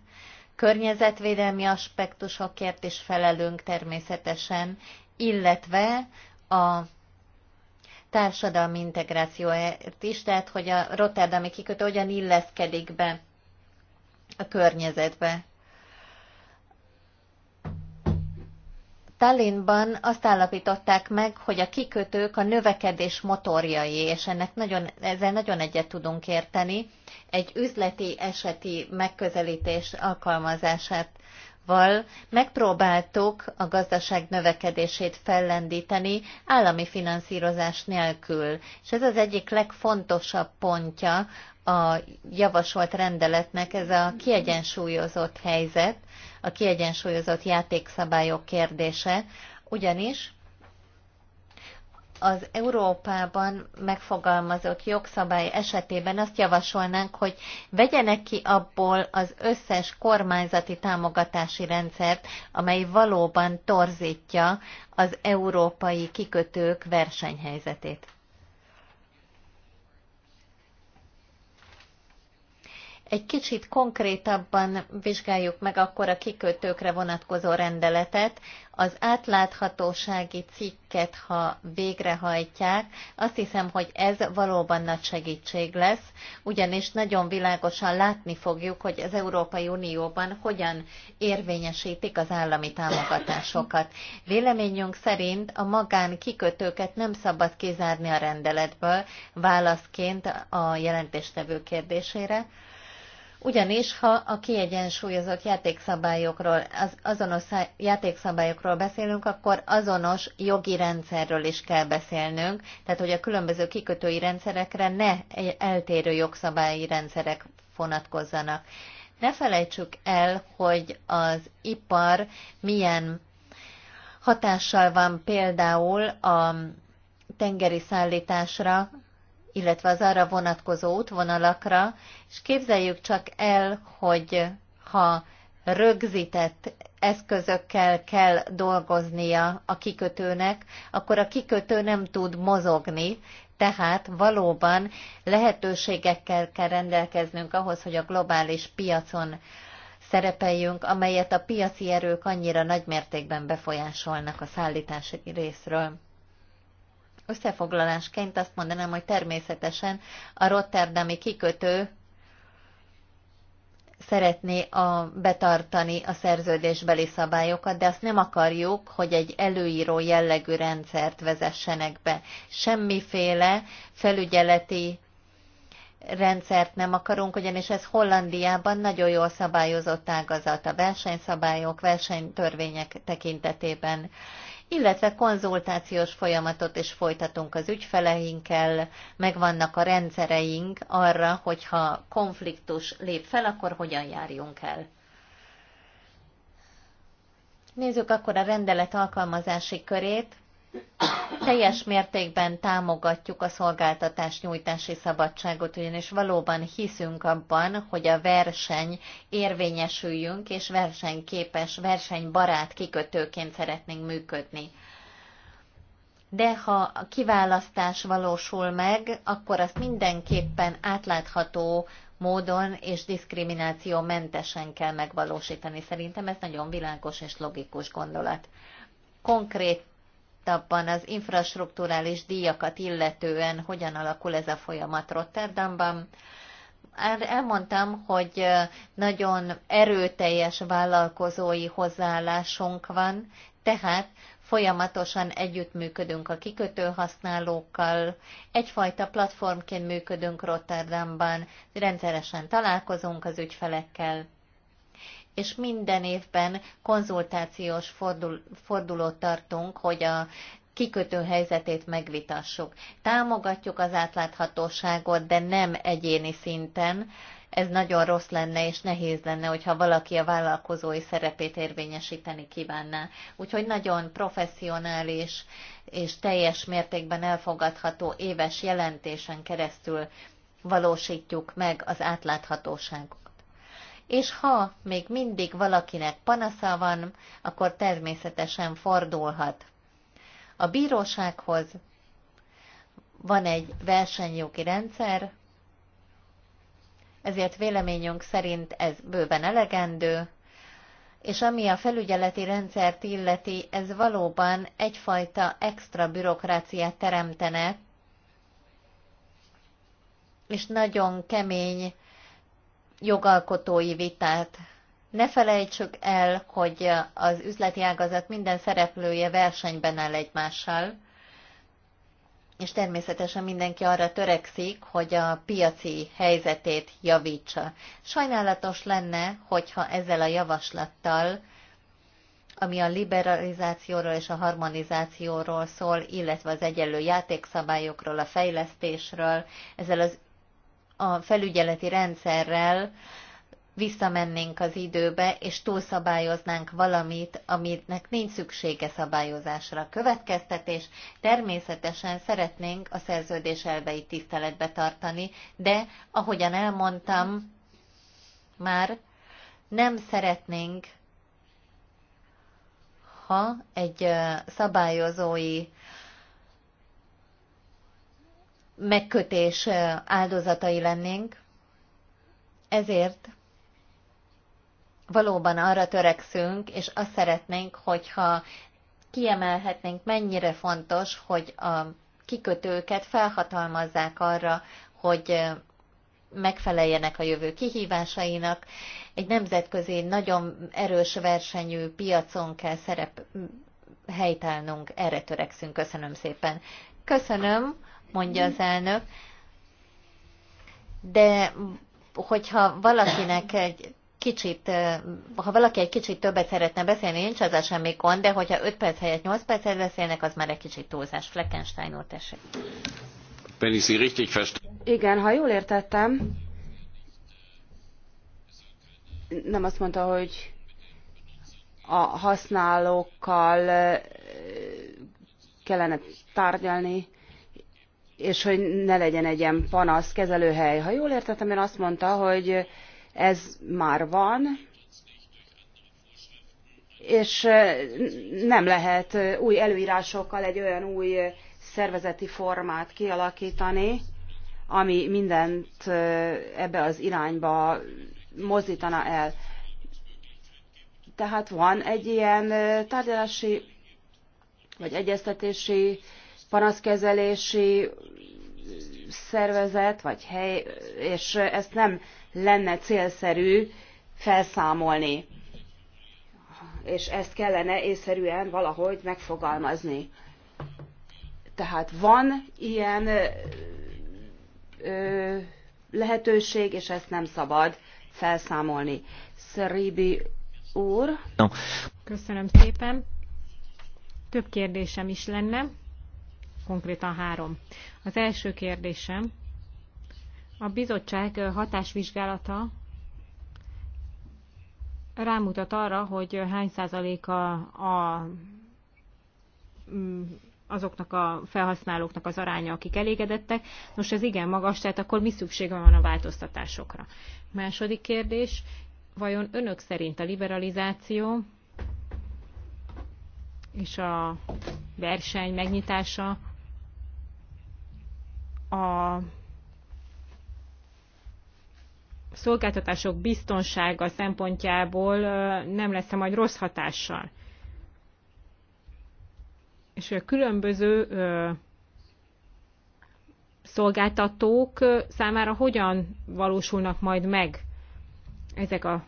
környezetvédelmi aspektusokért is felelünk természetesen, illetve a társadalmi integrációért is, tehát hogy a Rotterdami kikötő hogyan illeszkedik be a környezetbe. Tallinnban azt állapították meg, hogy a kikötők a növekedés motorjai, és ennek nagyon, ezzel nagyon egyet tudunk érteni, egy üzleti eseti megközelítés alkalmazását Val megpróbáltuk a gazdaság növekedését fellendíteni állami finanszírozás nélkül, és ez az egyik legfontosabb pontja a javasolt rendeletnek, ez a kiegyensúlyozott helyzet, a kiegyensúlyozott játékszabályok kérdése, ugyanis az Európában megfogalmazott jogszabály esetében azt javasolnánk, hogy vegyenek ki abból az összes kormányzati támogatási rendszert, amely valóban torzítja az európai kikötők versenyhelyzetét. egy kicsit konkrétabban vizsgáljuk meg akkor a kikötőkre vonatkozó rendeletet. Az átláthatósági cikket, ha végrehajtják, azt hiszem, hogy ez valóban nagy segítség lesz, ugyanis nagyon világosan látni fogjuk, hogy az Európai Unióban hogyan érvényesítik az állami támogatásokat. Véleményünk szerint a magán kikötőket nem szabad kizárni a rendeletből válaszként a jelentéstevő kérdésére, ugyanis, ha a kiegyensúlyozott játékszabályokról, az azonos játékszabályokról beszélünk, akkor azonos jogi rendszerről is kell beszélnünk, tehát hogy a különböző kikötői rendszerekre ne eltérő jogszabályi rendszerek vonatkozzanak. Ne felejtsük el, hogy az ipar milyen hatással van például a tengeri szállításra, illetve az arra vonatkozó útvonalakra, és képzeljük csak el, hogy ha rögzített eszközökkel kell dolgoznia a kikötőnek, akkor a kikötő nem tud mozogni, tehát valóban lehetőségekkel kell rendelkeznünk ahhoz, hogy a globális piacon szerepeljünk, amelyet a piaci erők annyira nagymértékben befolyásolnak a szállítási részről. Összefoglalásként azt mondanám, hogy természetesen a Rotterdami kikötő szeretné a, betartani a szerződésbeli szabályokat, de azt nem akarjuk, hogy egy előíró jellegű rendszert vezessenek be. Semmiféle felügyeleti rendszert nem akarunk, ugyanis ez Hollandiában nagyon jól szabályozott ágazat a versenyszabályok, versenytörvények tekintetében illetve konzultációs folyamatot is folytatunk az ügyfeleinkkel, megvannak a rendszereink arra, hogyha konfliktus lép fel, akkor hogyan járjunk el. Nézzük akkor a rendelet alkalmazási körét teljes mértékben támogatjuk a szolgáltatás nyújtási szabadságot, ugyanis valóban hiszünk abban, hogy a verseny érvényesüljünk, és versenyképes, versenybarát kikötőként szeretnénk működni. De ha a kiválasztás valósul meg, akkor azt mindenképpen átlátható módon és diszkriminációmentesen kell megvalósítani. Szerintem ez nagyon világos és logikus gondolat. Konkrét konkrétabban az infrastruktúrális díjakat illetően hogyan alakul ez a folyamat Rotterdamban. Elmondtam, hogy nagyon erőteljes vállalkozói hozzáállásunk van, tehát folyamatosan együttműködünk a kikötő használókkal, egyfajta platformként működünk Rotterdamban, rendszeresen találkozunk az ügyfelekkel és minden évben konzultációs fordul, fordulót tartunk, hogy a kikötő helyzetét megvitassuk. Támogatjuk az átláthatóságot, de nem egyéni szinten. Ez nagyon rossz lenne, és nehéz lenne, hogyha valaki a vállalkozói szerepét érvényesíteni kívánná. Úgyhogy nagyon professzionális és teljes mértékben elfogadható éves jelentésen keresztül valósítjuk meg az átláthatóság és ha még mindig valakinek panasza van, akkor természetesen fordulhat. A bírósághoz van egy versenyjogi rendszer, ezért véleményünk szerint ez bőven elegendő, és ami a felügyeleti rendszert illeti, ez valóban egyfajta extra bürokráciát teremtene, és nagyon kemény jogalkotói vitát. Ne felejtsük el, hogy az üzleti ágazat minden szereplője versenyben áll egymással, és természetesen mindenki arra törekszik, hogy a piaci helyzetét javítsa. Sajnálatos lenne, hogyha ezzel a javaslattal, ami a liberalizációról és a harmonizációról szól, illetve az egyenlő játékszabályokról, a fejlesztésről, ezzel az a felügyeleti rendszerrel visszamennénk az időbe, és túlszabályoznánk valamit, aminek nincs szüksége szabályozásra. Következtetés, természetesen szeretnénk a szerződés elveit tiszteletbe tartani, de ahogyan elmondtam, már nem szeretnénk, ha egy szabályozói megkötés áldozatai lennénk, ezért valóban arra törekszünk, és azt szeretnénk, hogyha kiemelhetnénk, mennyire fontos, hogy a kikötőket felhatalmazzák arra, hogy megfeleljenek a jövő kihívásainak. Egy nemzetközi, nagyon erős versenyű piacon kell szerep helytállnunk, erre törekszünk. Köszönöm szépen. Köszönöm mondja az elnök. De hogyha valakinek egy kicsit, ha valaki egy kicsit többet szeretne beszélni, nincs az semmi gond, de hogyha 5 perc helyett 8 percet beszélnek, az már egy kicsit túlzás. Fleckenstein úr, tessék. Igen, ha jól értettem, nem azt mondta, hogy a használókkal kellene tárgyalni, és hogy ne legyen egy ilyen panasz kezelőhely. Ha jól értettem, én azt mondta, hogy ez már van, és nem lehet új előírásokkal egy olyan új szervezeti formát kialakítani, ami mindent ebbe az irányba mozdítana el. Tehát van egy ilyen tárgyalási vagy egyeztetési panaszkezelési szervezet vagy hely, és ezt nem lenne célszerű felszámolni. És ezt kellene észszerűen valahogy megfogalmazni. Tehát van ilyen ö, lehetőség, és ezt nem szabad felszámolni. Szeribi úr. Köszönöm szépen. Több kérdésem is lenne konkrétan három. Az első kérdésem, a bizottság hatásvizsgálata rámutat arra, hogy hány százaléka a mm, azoknak a felhasználóknak az aránya, akik elégedettek. Nos, ez igen magas, tehát akkor mi szüksége van a változtatásokra? Második kérdés, vajon önök szerint a liberalizáció és a verseny megnyitása a szolgáltatások biztonsága szempontjából nem lesz -e majd rossz hatással. És a különböző szolgáltatók számára hogyan valósulnak majd meg ezek a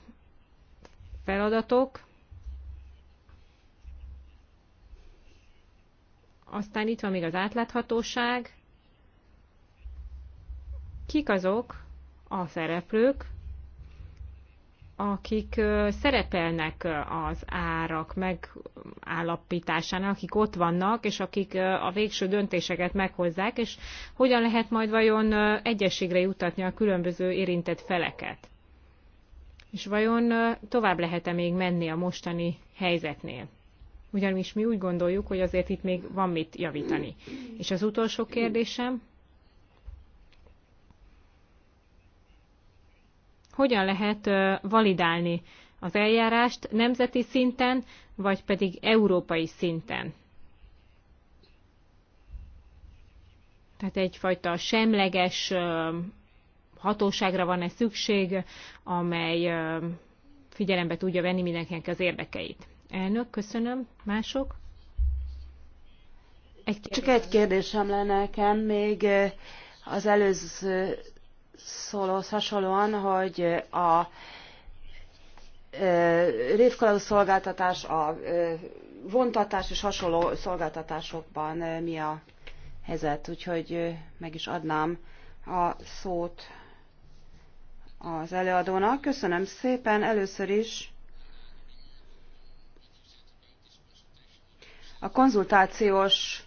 feladatok. Aztán itt van még az átláthatóság kik azok a szereplők, akik szerepelnek az árak megállapításánál, akik ott vannak, és akik a végső döntéseket meghozzák, és hogyan lehet majd vajon egyességre jutatni a különböző érintett feleket. És vajon tovább lehet-e még menni a mostani helyzetnél? Ugyanis mi úgy gondoljuk, hogy azért itt még van mit javítani. És az utolsó kérdésem, hogyan lehet validálni az eljárást nemzeti szinten, vagy pedig európai szinten. Tehát egyfajta semleges hatóságra van-e szükség, amely figyelembe tudja venni mindenkinek az érdekeit. Elnök, köszönöm. Mások? Egy kérdés. Csak egy kérdésem lenne nekem még az előző szólóhoz hasonlóan, hogy a révkalauz szolgáltatás, a vontatás és hasonló szolgáltatásokban mi a helyzet, úgyhogy meg is adnám a szót az előadónak. Köszönöm szépen először is a konzultációs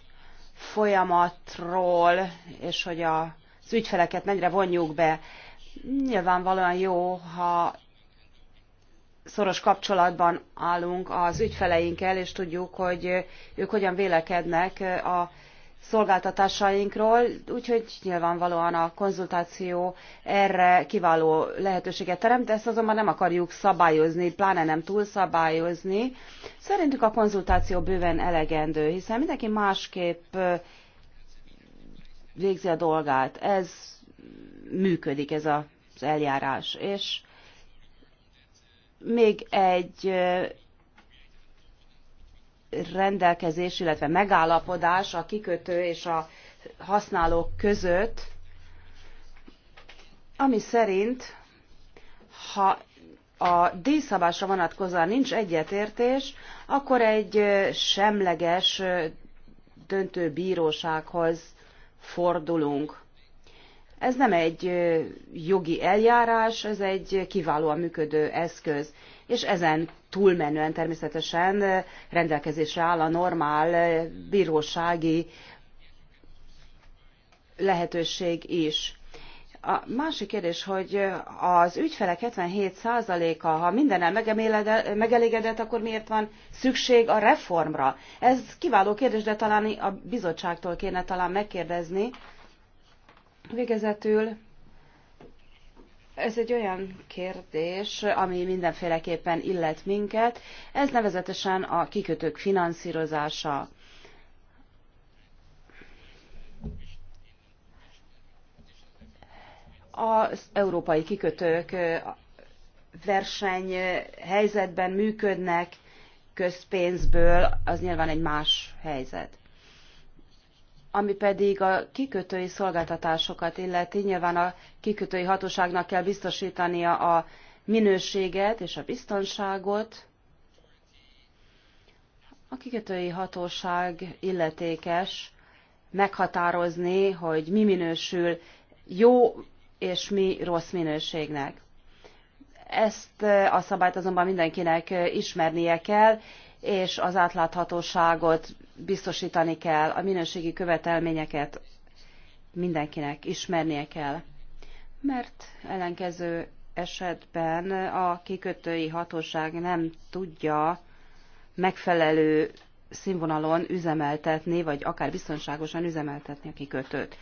folyamatról, és hogy a az ügyfeleket mennyire vonjuk be. Nyilvánvalóan jó, ha szoros kapcsolatban állunk az ügyfeleinkkel, és tudjuk, hogy ők hogyan vélekednek a szolgáltatásainkról, úgyhogy nyilvánvalóan a konzultáció erre kiváló lehetőséget teremt, ezt azonban nem akarjuk szabályozni, pláne nem túlszabályozni. Szerintük a konzultáció bőven elegendő, hiszen mindenki másképp végzi a dolgát. Ez működik, ez az eljárás. És még egy rendelkezés, illetve megállapodás a kikötő és a használók között, ami szerint, ha a díjszabásra vonatkozóan nincs egyetértés, akkor egy semleges döntőbírósághoz fordulunk. Ez nem egy jogi eljárás, ez egy kiválóan működő eszköz, és ezen túlmenően természetesen rendelkezésre áll a normál bírósági lehetőség is. A másik kérdés, hogy az ügyfelek 77%-a, ha mindennel megelégedett, akkor miért van szükség a reformra? Ez kiváló kérdés, de talán a bizottságtól kéne talán megkérdezni. Végezetül ez egy olyan kérdés, ami mindenféleképpen illet minket, ez nevezetesen a kikötők finanszírozása. az európai kikötők versenyhelyzetben működnek közpénzből, az nyilván egy más helyzet. Ami pedig a kikötői szolgáltatásokat illeti, nyilván a kikötői hatóságnak kell biztosítania a minőséget és a biztonságot. A kikötői hatóság illetékes meghatározni, hogy mi minősül jó és mi rossz minőségnek. Ezt a szabályt azonban mindenkinek ismernie kell, és az átláthatóságot biztosítani kell, a minőségi követelményeket mindenkinek ismernie kell. Mert ellenkező esetben a kikötői hatóság nem tudja megfelelő színvonalon üzemeltetni, vagy akár biztonságosan üzemeltetni a kikötőt.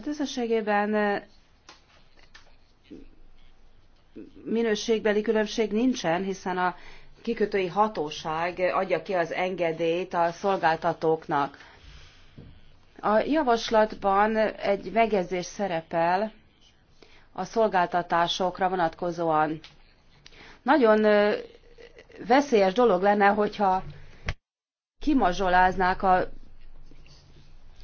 Tehát összességében eh, minőségbeli különbség nincsen, hiszen a kikötői hatóság adja ki az engedélyt a szolgáltatóknak. A javaslatban egy megjegyzés szerepel a szolgáltatásokra vonatkozóan. Nagyon eh, veszélyes dolog lenne, hogyha kimazsoláznák a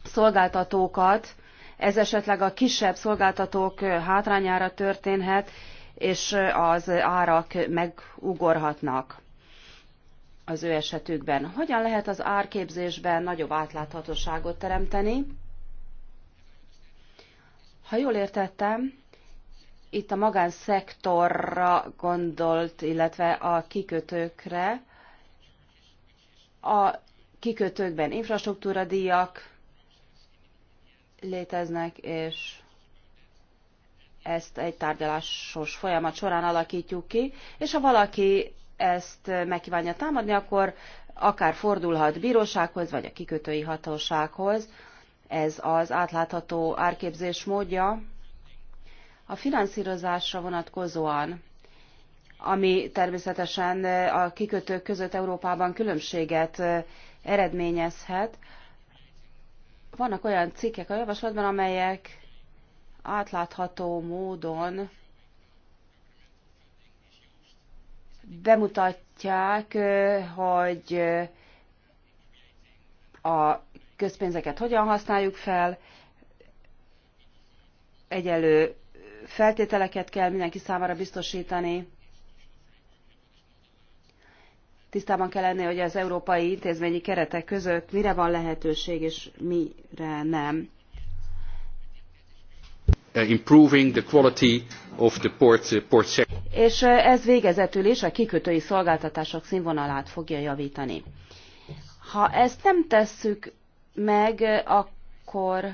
szolgáltatókat, ez esetleg a kisebb szolgáltatók hátrányára történhet, és az árak megugorhatnak az ő esetükben. Hogyan lehet az árképzésben nagyobb átláthatóságot teremteni? Ha jól értettem, itt a magánszektorra gondolt, illetve a kikötőkre. A kikötőkben infrastruktúradíjak léteznek, és ezt egy tárgyalásos folyamat során alakítjuk ki, és ha valaki ezt megkívánja támadni, akkor akár fordulhat bírósághoz, vagy a kikötői hatósághoz. Ez az átlátható árképzés módja. A finanszírozásra vonatkozóan, ami természetesen a kikötők között Európában különbséget eredményezhet, vannak olyan cikkek a javaslatban, amelyek átlátható módon bemutatják, hogy a közpénzeket hogyan használjuk fel, egyelő feltételeket kell mindenki számára biztosítani, tisztában kell lenni, hogy az európai intézményi keretek között mire van lehetőség és mire nem. Uh, improving the quality of the port, uh, port és uh, ez végezetül is a kikötői szolgáltatások színvonalát fogja javítani. Ha ezt nem tesszük meg, akkor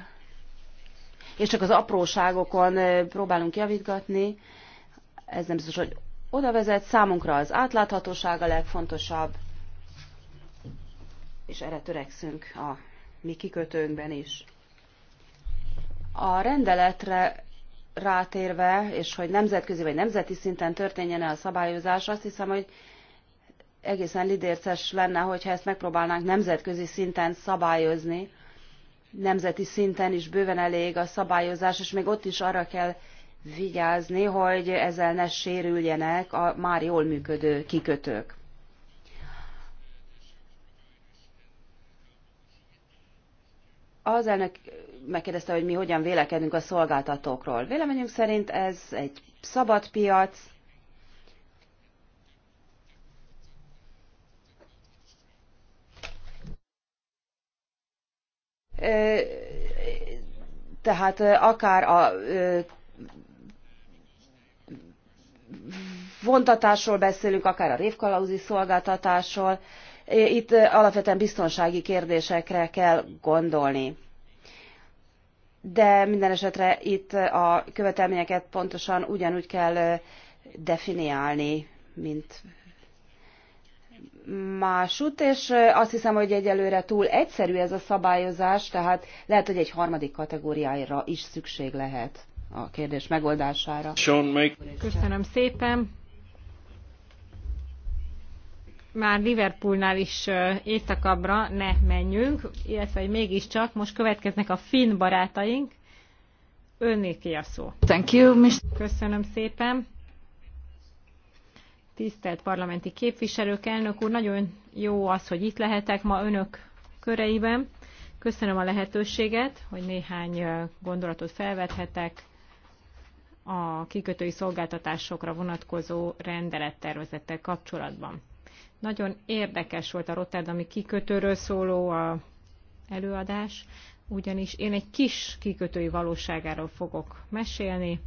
és csak az apróságokon próbálunk javítgatni, ez nem biztos, hogy oda vezet, számunkra az átláthatóság a legfontosabb, és erre törekszünk a mi kikötőnkben is. A rendeletre rátérve, és hogy nemzetközi vagy nemzeti szinten történjen -e a szabályozás, azt hiszem, hogy egészen lidérces lenne, hogyha ezt megpróbálnánk nemzetközi szinten szabályozni. Nemzeti szinten is bőven elég a szabályozás, és még ott is arra kell vigyázni, hogy ezzel ne sérüljenek a már jól működő kikötők. Az elnök megkérdezte, hogy mi hogyan vélekedünk a szolgáltatókról. Véleményünk szerint ez egy szabad piac, tehát akár a vontatásról beszélünk, akár a révkalauzi szolgáltatásról. Itt alapvetően biztonsági kérdésekre kell gondolni. De minden esetre itt a követelményeket pontosan ugyanúgy kell definiálni, mint másút, és azt hiszem, hogy egyelőre túl egyszerű ez a szabályozás, tehát lehet, hogy egy harmadik kategóriára is szükség lehet a kérdés megoldására. Köszönöm szépen. Már Liverpoolnál is éjszakabbra ne menjünk, illetve mégiscsak most következnek a finn barátaink. Önnéki a szó. Thank you, Mr. Köszönöm szépen. Tisztelt parlamenti képviselők, elnök úr, nagyon jó az, hogy itt lehetek ma önök köreiben. Köszönöm a lehetőséget, hogy néhány gondolatot felvethetek a kikötői szolgáltatásokra vonatkozó rendelettervezettel kapcsolatban. Nagyon érdekes volt a Rotterdami kikötőről szóló a előadás, ugyanis én egy kis kikötői valóságáról fogok mesélni,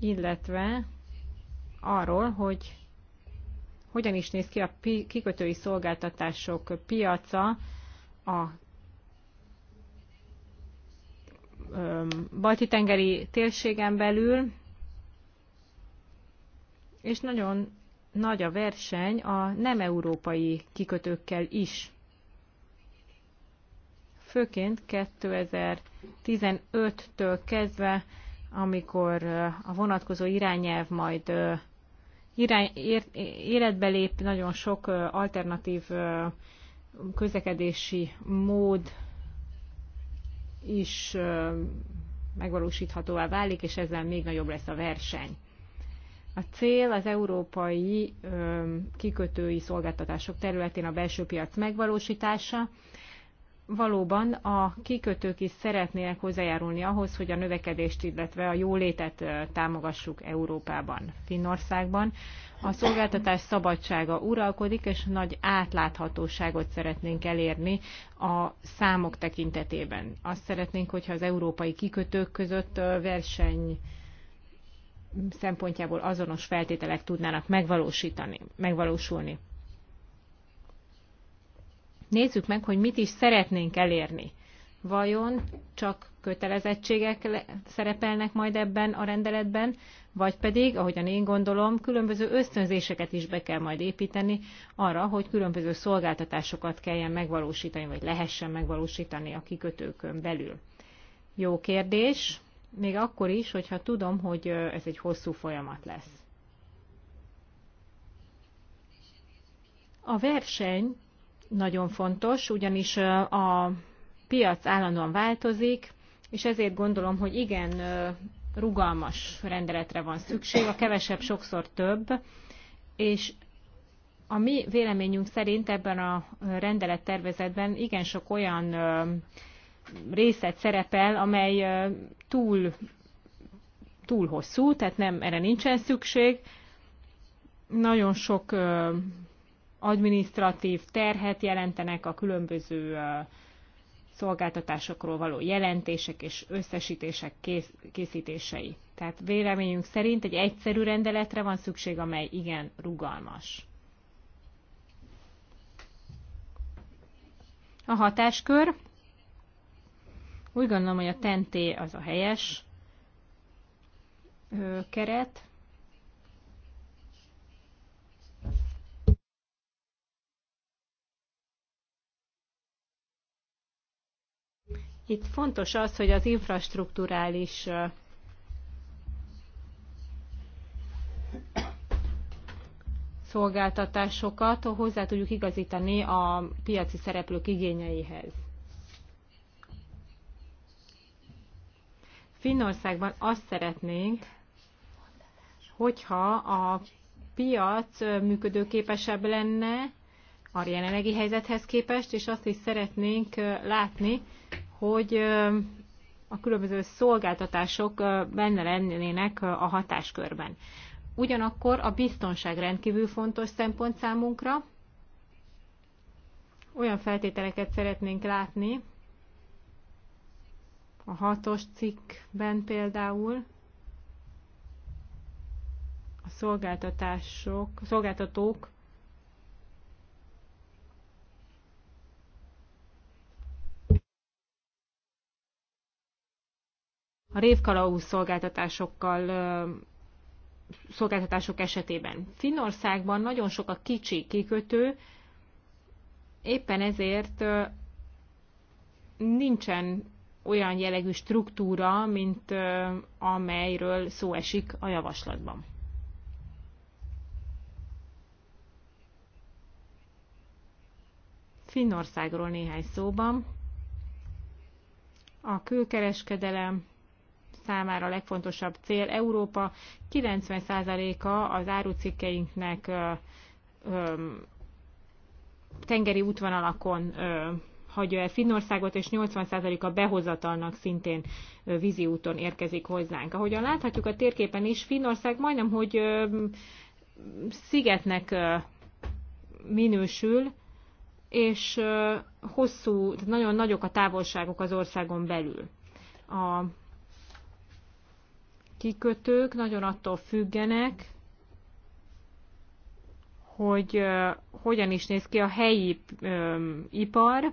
illetve arról, hogy hogyan is néz ki a kikötői szolgáltatások piaca a Balti-tengeri térségen belül, és nagyon nagy a verseny a nem európai kikötőkkel is. Főként 2015-től kezdve, amikor a vonatkozó irányelv majd irány, életbe lép, nagyon sok alternatív közlekedési mód is megvalósíthatóvá válik, és ezzel még nagyobb lesz a verseny. A cél az európai kikötői szolgáltatások területén a belső piac megvalósítása. Valóban a kikötők is szeretnének hozzájárulni ahhoz, hogy a növekedést, illetve a jólétet támogassuk Európában, Finnországban a szolgáltatás szabadsága uralkodik, és nagy átláthatóságot szeretnénk elérni a számok tekintetében. Azt szeretnénk, hogyha az európai kikötők között verseny szempontjából azonos feltételek tudnának megvalósítani, megvalósulni. Nézzük meg, hogy mit is szeretnénk elérni. Vajon csak kötelezettségek szerepelnek majd ebben a rendeletben, vagy pedig, ahogyan én gondolom, különböző ösztönzéseket is be kell majd építeni arra, hogy különböző szolgáltatásokat kelljen megvalósítani, vagy lehessen megvalósítani a kikötőkön belül. Jó kérdés, még akkor is, hogyha tudom, hogy ez egy hosszú folyamat lesz. A verseny nagyon fontos, ugyanis a piac állandóan változik, és ezért gondolom, hogy igen, rugalmas rendeletre van szükség, a kevesebb sokszor több, és a mi véleményünk szerint ebben a rendelettervezetben igen sok olyan részet szerepel, amely túl, túl hosszú, tehát nem, erre nincsen szükség. Nagyon sok administratív terhet jelentenek a különböző szolgáltatásokról való jelentések és összesítések kész, készítései. Tehát véleményünk szerint egy egyszerű rendeletre van szükség, amely igen rugalmas. A hatáskör. Úgy gondolom, hogy a tenté az a helyes keret. Itt fontos az, hogy az infrastruktúrális szolgáltatásokat hozzá tudjuk igazítani a piaci szereplők igényeihez. Finnországban azt szeretnénk, hogyha a piac működőképesebb lenne a jelenlegi helyzethez képest, és azt is szeretnénk látni, hogy a különböző szolgáltatások benne lennének a hatáskörben. Ugyanakkor a biztonság rendkívül fontos szempont számunkra. Olyan feltételeket szeretnénk látni, a hatos cikkben például a szolgáltatások, szolgáltatók a révkalauz szolgáltatásokkal szolgáltatások esetében. Finnországban nagyon sok a kicsi kikötő, éppen ezért nincsen olyan jellegű struktúra, mint amelyről szó esik a javaslatban. Finnországról néhány szóban. A külkereskedelem számára legfontosabb cél. Európa 90%-a az árucikkeinknek tengeri útvonalakon hagyja el Finnországot, és 80%-a behozatalnak szintén vízi úton érkezik hozzánk. Ahogyan láthatjuk a térképen is, Finnország majdnem, hogy szigetnek minősül, és hosszú, tehát nagyon nagyok a távolságok az országon belül. A kikötők nagyon attól függenek, hogy uh, hogyan is néz ki a helyi um, ipar.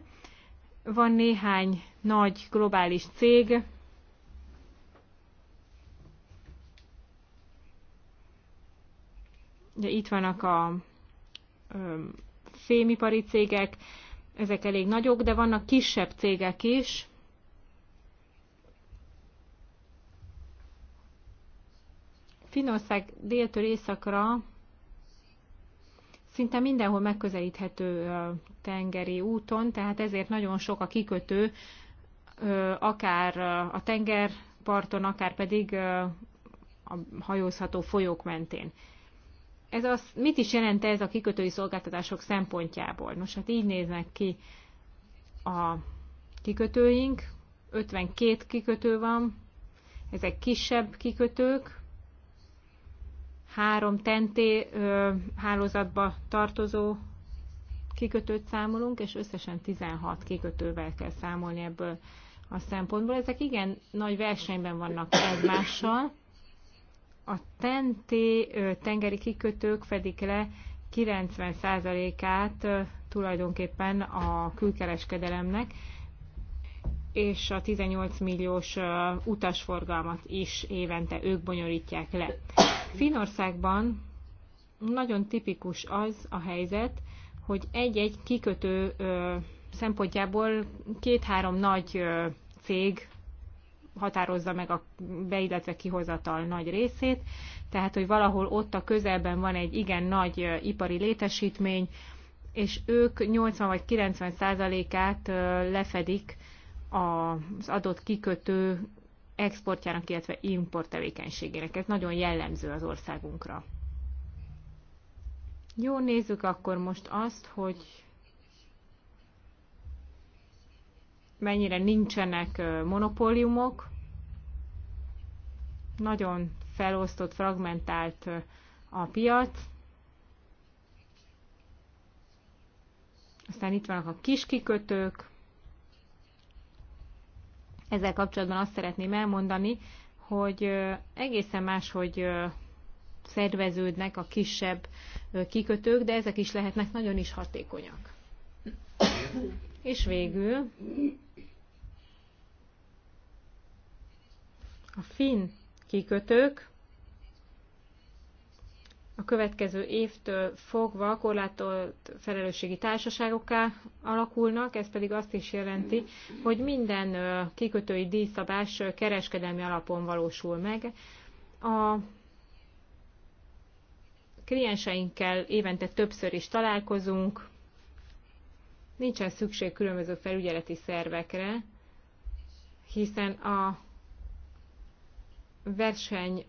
Van néhány nagy globális cég, ugye itt vannak a um, fémipari cégek, ezek elég nagyok, de vannak kisebb cégek is, Finország déltől északra szinte mindenhol megközelíthető tengeri úton, tehát ezért nagyon sok a kikötő, akár a tengerparton, akár pedig a hajózható folyók mentén. Ez az, mit is jelent ez a kikötői szolgáltatások szempontjából? Nos, hát így néznek ki a kikötőink. 52 kikötő van, ezek kisebb kikötők, három tenté hálózatba tartozó kikötőt számolunk, és összesen 16 kikötővel kell számolni ebből a szempontból. Ezek igen nagy versenyben vannak egymással. A tenté tengeri kikötők fedik le 90%-át tulajdonképpen a külkereskedelemnek, és a 18 milliós utasforgalmat is évente ők bonyolítják le. Finországban nagyon tipikus az a helyzet, hogy egy-egy kikötő szempontjából két-három nagy cég határozza meg a beilletve kihozatal nagy részét, tehát hogy valahol ott a közelben van egy igen nagy ipari létesítmény, és ők 80 vagy 90 százalékát lefedik az adott kikötő exportjának, illetve import tevékenységének. Ez nagyon jellemző az országunkra. Jó, nézzük akkor most azt, hogy mennyire nincsenek monopóliumok. Nagyon felosztott, fragmentált a piac. Aztán itt vannak a kis kikötők, ezzel kapcsolatban azt szeretném elmondani, hogy egészen máshogy szerveződnek a kisebb kikötők, de ezek is lehetnek nagyon is hatékonyak. És végül a finn kikötők a következő évtől fogva korlátolt felelősségi társaságokká alakulnak, ez pedig azt is jelenti, hogy minden kikötői díjszabás kereskedelmi alapon valósul meg. A klienseinkkel évente többször is találkozunk, nincsen szükség különböző felügyeleti szervekre, hiszen a verseny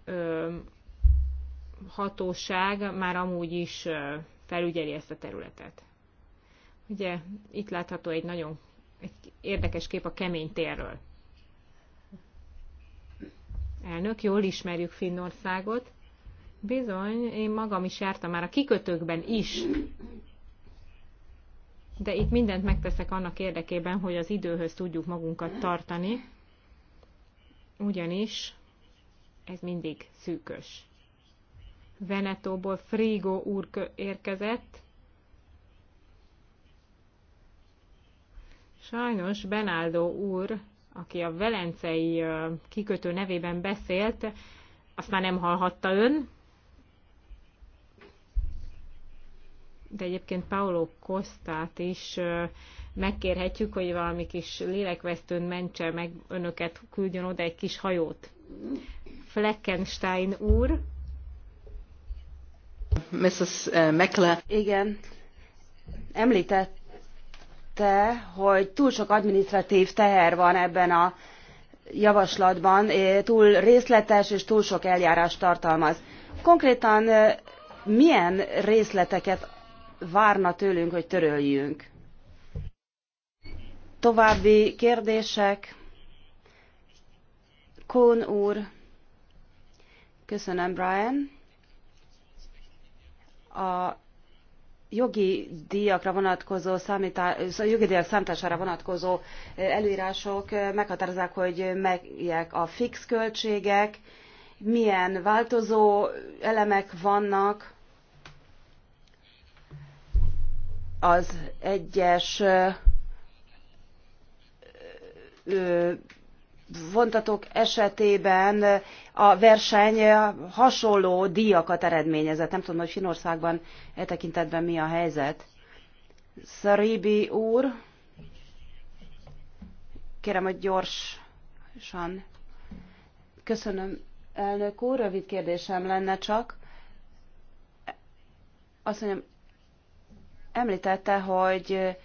hatóság már amúgy is felügyeli ezt a területet. Ugye itt látható egy nagyon egy érdekes kép a kemény térről. Elnök, jól ismerjük Finnországot. Bizony, én magam is jártam már a kikötőkben is. De itt mindent megteszek annak érdekében, hogy az időhöz tudjuk magunkat tartani, ugyanis ez mindig szűkös. Venetóból Frigo úr érkezett. Sajnos Benáldó úr, aki a velencei kikötő nevében beszélt, azt már nem hallhatta ön, de egyébként Paolo Kostát is megkérhetjük, hogy valami kis lélekvesztőn mentse meg önöket, küldjön oda egy kis hajót. Fleckenstein úr, Mrs. Eh, Meckler. Igen, említette, hogy túl sok administratív teher van ebben a javaslatban, eh, túl részletes és túl sok eljárást tartalmaz. Konkrétan eh, milyen részleteket várna tőlünk, hogy töröljünk? További kérdések? Kuhn úr. Köszönöm, Brian a jogi díjakra vonatkozó számítás, szóval jogi díjak számítására vonatkozó előírások meghatározzák, hogy melyek a fix költségek, milyen változó elemek vannak az egyes vontatók esetében a verseny hasonló díjakat eredményezett. Nem tudom, hogy Finországban e tekintetben mi a helyzet. Szaribi úr, kérem, hogy gyorsan. Köszönöm, elnök úr, rövid kérdésem lenne csak. Azt mondjam, említette, hogy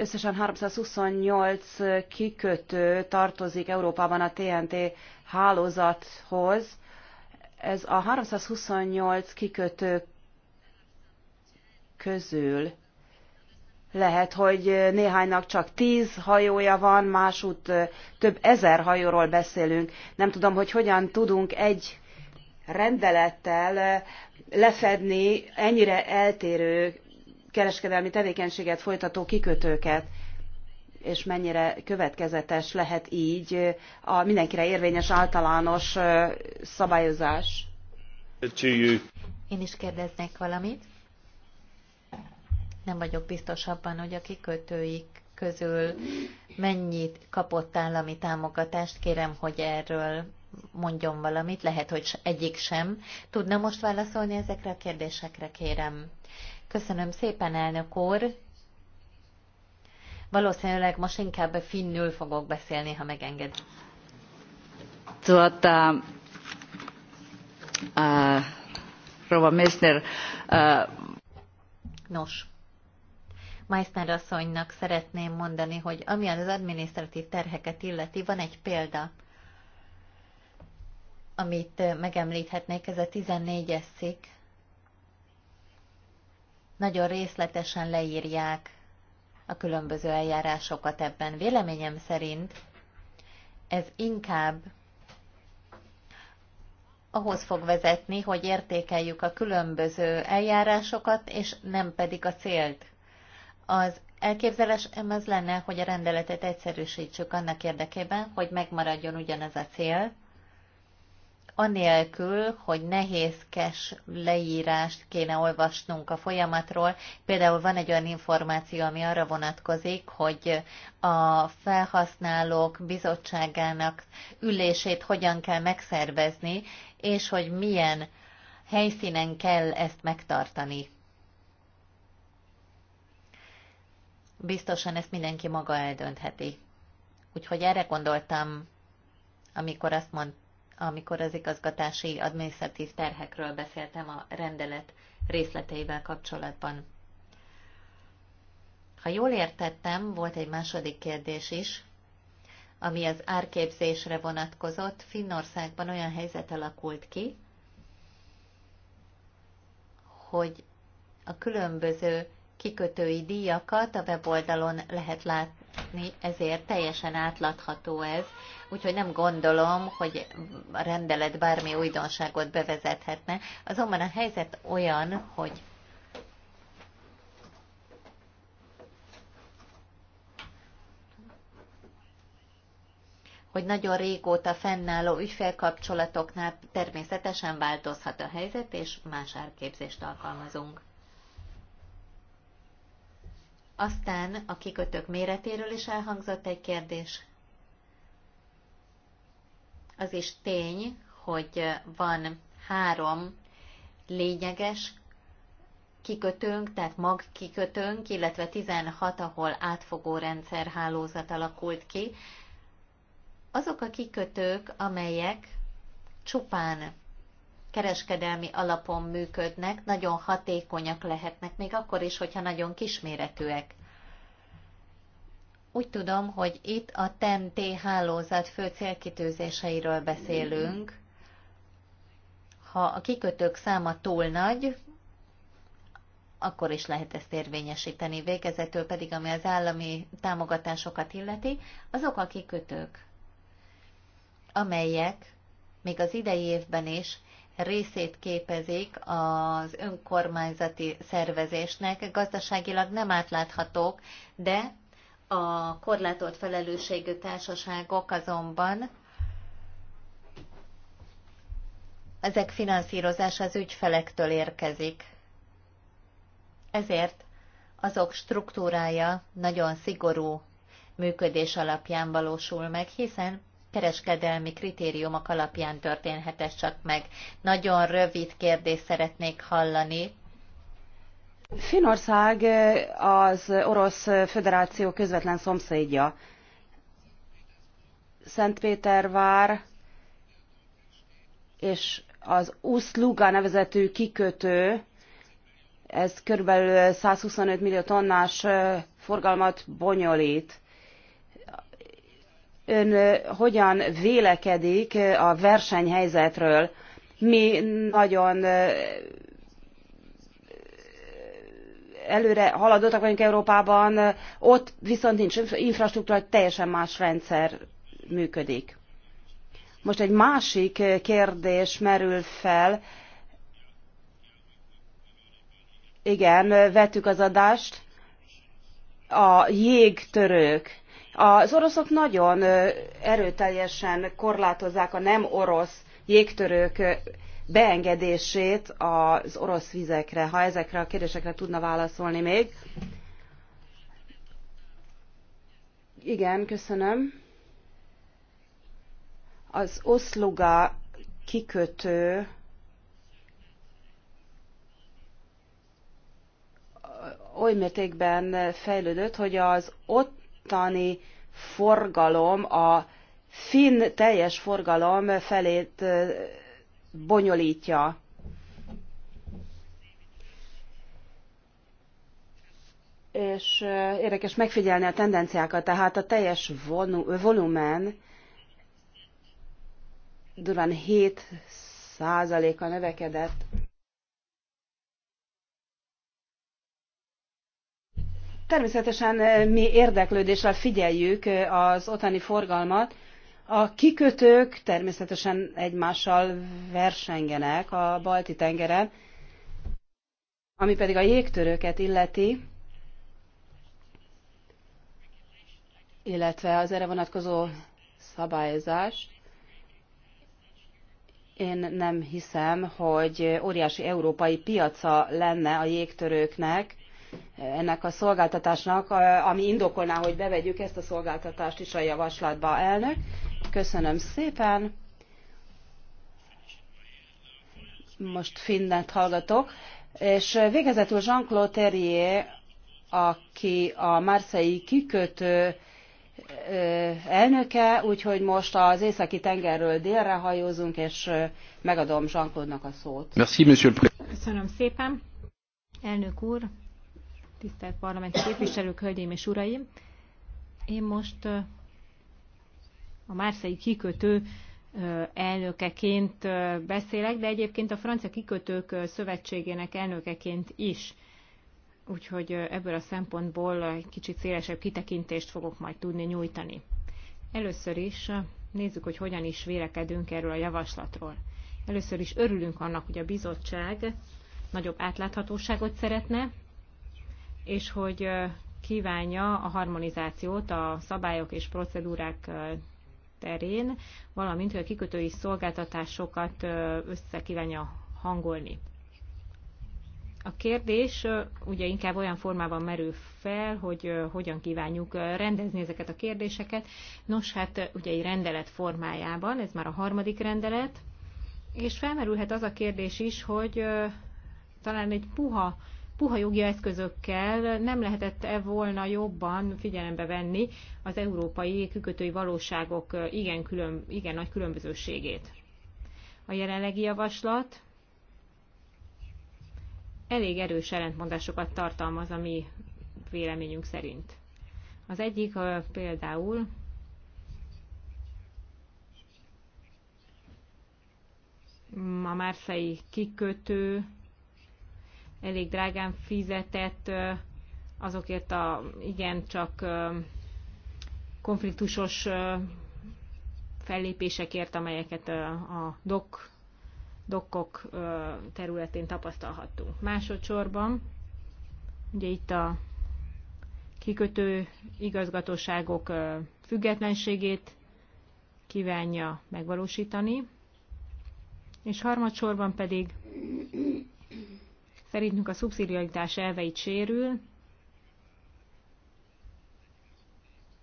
Összesen 328 kikötő tartozik Európában a TNT hálózathoz. Ez a 328 kikötő közül lehet, hogy néhánynak csak tíz hajója van, másút több ezer hajóról beszélünk. Nem tudom, hogy hogyan tudunk egy rendelettel lefedni ennyire eltérő kereskedelmi tevékenységet folytató kikötőket, és mennyire következetes lehet így a mindenkire érvényes általános szabályozás. Én is kérdeznék valamit. Nem vagyok biztos abban, hogy a kikötőik közül mennyit kapott állami támogatást. Kérem, hogy erről mondjon valamit, lehet, hogy egyik sem. Tudna most válaszolni ezekre a kérdésekre, kérem. Köszönöm szépen, elnök úr. Valószínűleg most inkább finnül fogok beszélni, ha megenged. Tudod, Rova Messner, Nos, Meissner asszonynak szeretném mondani, hogy ami az adminisztratív terheket illeti, van egy példa, amit megemlíthetnék, ez a 14-es szik, nagyon részletesen leírják a különböző eljárásokat ebben. Véleményem szerint ez inkább ahhoz fog vezetni, hogy értékeljük a különböző eljárásokat, és nem pedig a célt. Az elképzelésem az lenne, hogy a rendeletet egyszerűsítsük annak érdekében, hogy megmaradjon ugyanaz a cél, anélkül, hogy nehézkes leírást kéne olvasnunk a folyamatról. Például van egy olyan információ, ami arra vonatkozik, hogy a felhasználók bizottságának ülését hogyan kell megszervezni, és hogy milyen helyszínen kell ezt megtartani. Biztosan ezt mindenki maga eldöntheti. Úgyhogy erre gondoltam, amikor azt mondtam, amikor az igazgatási adminisztratív terhekről beszéltem a rendelet részleteivel kapcsolatban. Ha jól értettem, volt egy második kérdés is, ami az árképzésre vonatkozott. Finnországban olyan helyzet alakult ki, hogy a különböző kikötői díjakat a weboldalon lehet látni, látni, ezért teljesen átlátható ez, úgyhogy nem gondolom, hogy a rendelet bármi újdonságot bevezethetne. Azonban a helyzet olyan, hogy hogy nagyon régóta fennálló ügyfélkapcsolatoknál természetesen változhat a helyzet, és más árképzést alkalmazunk. Aztán a kikötők méretéről is elhangzott egy kérdés. Az is tény, hogy van három lényeges kikötőnk, tehát mag kikötőnk, illetve 16, ahol átfogó rendszerhálózat alakult ki. Azok a kikötők, amelyek csupán kereskedelmi alapon működnek, nagyon hatékonyak lehetnek, még akkor is, hogyha nagyon kisméretűek. Úgy tudom, hogy itt a TEN-T e hálózat fő célkitűzéseiről beszélünk. Ha a kikötők száma túl nagy, akkor is lehet ezt érvényesíteni. Végezetül pedig, ami az állami támogatásokat illeti, azok a kikötők, amelyek még az idei évben is részét képezik az önkormányzati szervezésnek, gazdaságilag nem átláthatók, de a korlátolt felelősségű társaságok azonban ezek finanszírozása az ügyfelektől érkezik. Ezért azok struktúrája nagyon szigorú működés alapján valósul meg, hiszen kereskedelmi kritériumok alapján történhet ez csak meg. Nagyon rövid kérdést szeretnék hallani. Finország eh, az Orosz Föderáció közvetlen szomszédja. Szentpétervár és az Usluga nevezetű kikötő, ez körülbelül 125 millió tonnás eh, forgalmat bonyolít ön hogyan vélekedik a versenyhelyzetről. Mi nagyon előre haladottak vagyunk Európában, ott viszont nincs infrastruktúra, teljesen más rendszer működik. Most egy másik kérdés merül fel. Igen, vettük az adást. A jégtörők az oroszok nagyon erőteljesen korlátozzák a nem orosz jégtörők beengedését az orosz vizekre, ha ezekre a kérdésekre tudna válaszolni még. Igen, köszönöm. Az oszluga kikötő oly mértékben fejlődött, hogy az ott mostani forgalom, a finn teljes forgalom felét bonyolítja. És érdekes megfigyelni a tendenciákat, tehát a teljes volumen durván 7 százaléka növekedett Természetesen eh, mi érdeklődéssel figyeljük eh, az otthoni forgalmat. A kikötők természetesen egymással versengenek a balti tengeren, ami pedig a jégtörőket illeti, illetve az erre vonatkozó szabályozás. Én nem hiszem, hogy óriási európai piaca lenne a jégtörőknek, ennek a szolgáltatásnak, ami indokolná, hogy bevegyük ezt a szolgáltatást is a javaslatba. Elnök, köszönöm szépen. Most Finnet hallgatok. És végezetül Jean-Claude Terrier, aki a Marseille kikötő elnöke, úgyhogy most az északi tengerről délre hajózunk, és megadom Jean-Claude-nak a szót. Merci, monsieur le Köszönöm szépen. Elnök úr, tisztelt parlamenti képviselők, hölgyeim és uraim! Én most a Márszai kikötő elnökeként beszélek, de egyébként a Francia Kikötők Szövetségének elnökeként is. Úgyhogy ebből a szempontból egy kicsit szélesebb kitekintést fogok majd tudni nyújtani. Először is nézzük, hogy hogyan is vélekedünk erről a javaslatról. Először is örülünk annak, hogy a bizottság nagyobb átláthatóságot szeretne, és hogy kívánja a harmonizációt a szabályok és procedúrák terén, valamint hogy a kikötői szolgáltatásokat összekívánja hangolni. A kérdés ugye inkább olyan formában merül fel, hogy hogyan kívánjuk rendezni ezeket a kérdéseket. Nos, hát ugye egy rendelet formájában, ez már a harmadik rendelet, és felmerülhet az a kérdés is, hogy talán egy puha puha jogi eszközökkel nem lehetett-e volna jobban figyelembe venni az európai kikötői valóságok igen, külön, igen nagy különbözőségét. A jelenlegi javaslat elég erős ellentmondásokat tartalmaz a mi véleményünk szerint. Az egyik például a Márszai kikötő elég drágán fizetett azokért a igen csak konfliktusos fellépésekért, amelyeket a dok, dokkok területén tapasztalhattunk. Másodszorban, ugye itt a kikötő igazgatóságok függetlenségét kívánja megvalósítani, és harmadsorban pedig Szerintünk a szubszidiaritás elveit sérül,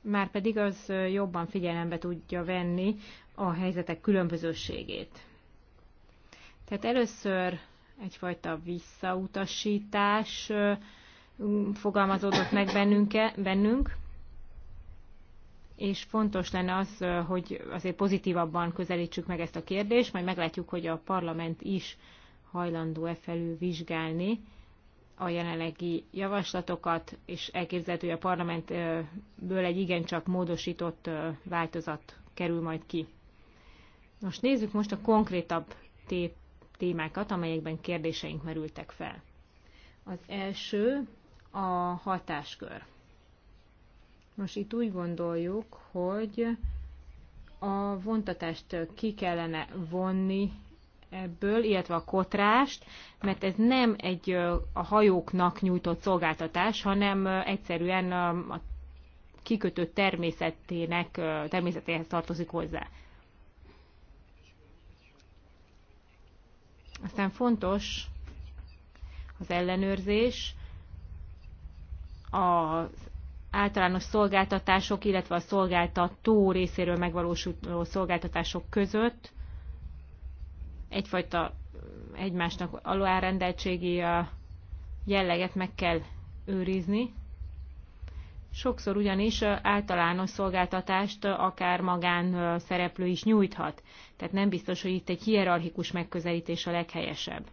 már pedig az jobban figyelembe tudja venni a helyzetek különbözőségét. Tehát először egyfajta visszautasítás fogalmazódott meg bennünke, bennünk, és fontos lenne az, hogy azért pozitívabban közelítsük meg ezt a kérdést, majd meglátjuk, hogy a parlament is hajlandó-e felül vizsgálni a jelenlegi javaslatokat, és elképzelhető, hogy a parlamentből egy igencsak módosított változat kerül majd ki. Most nézzük most a konkrétabb témákat, amelyekben kérdéseink merültek fel. Az első a hatáskör. Most itt úgy gondoljuk, hogy a vontatást ki kellene vonni ebből, illetve a kotrást, mert ez nem egy a hajóknak nyújtott szolgáltatás, hanem egyszerűen a kikötő természetének, természetéhez tartozik hozzá. Aztán fontos az ellenőrzés, az általános szolgáltatások, illetve a szolgáltató részéről megvalósuló szolgáltatások között, egyfajta egymásnak alulárendeltségi jelleget meg kell őrizni. Sokszor ugyanis általános szolgáltatást akár magán szereplő is nyújthat, tehát nem biztos, hogy itt egy hierarchikus megközelítés a leghelyesebb.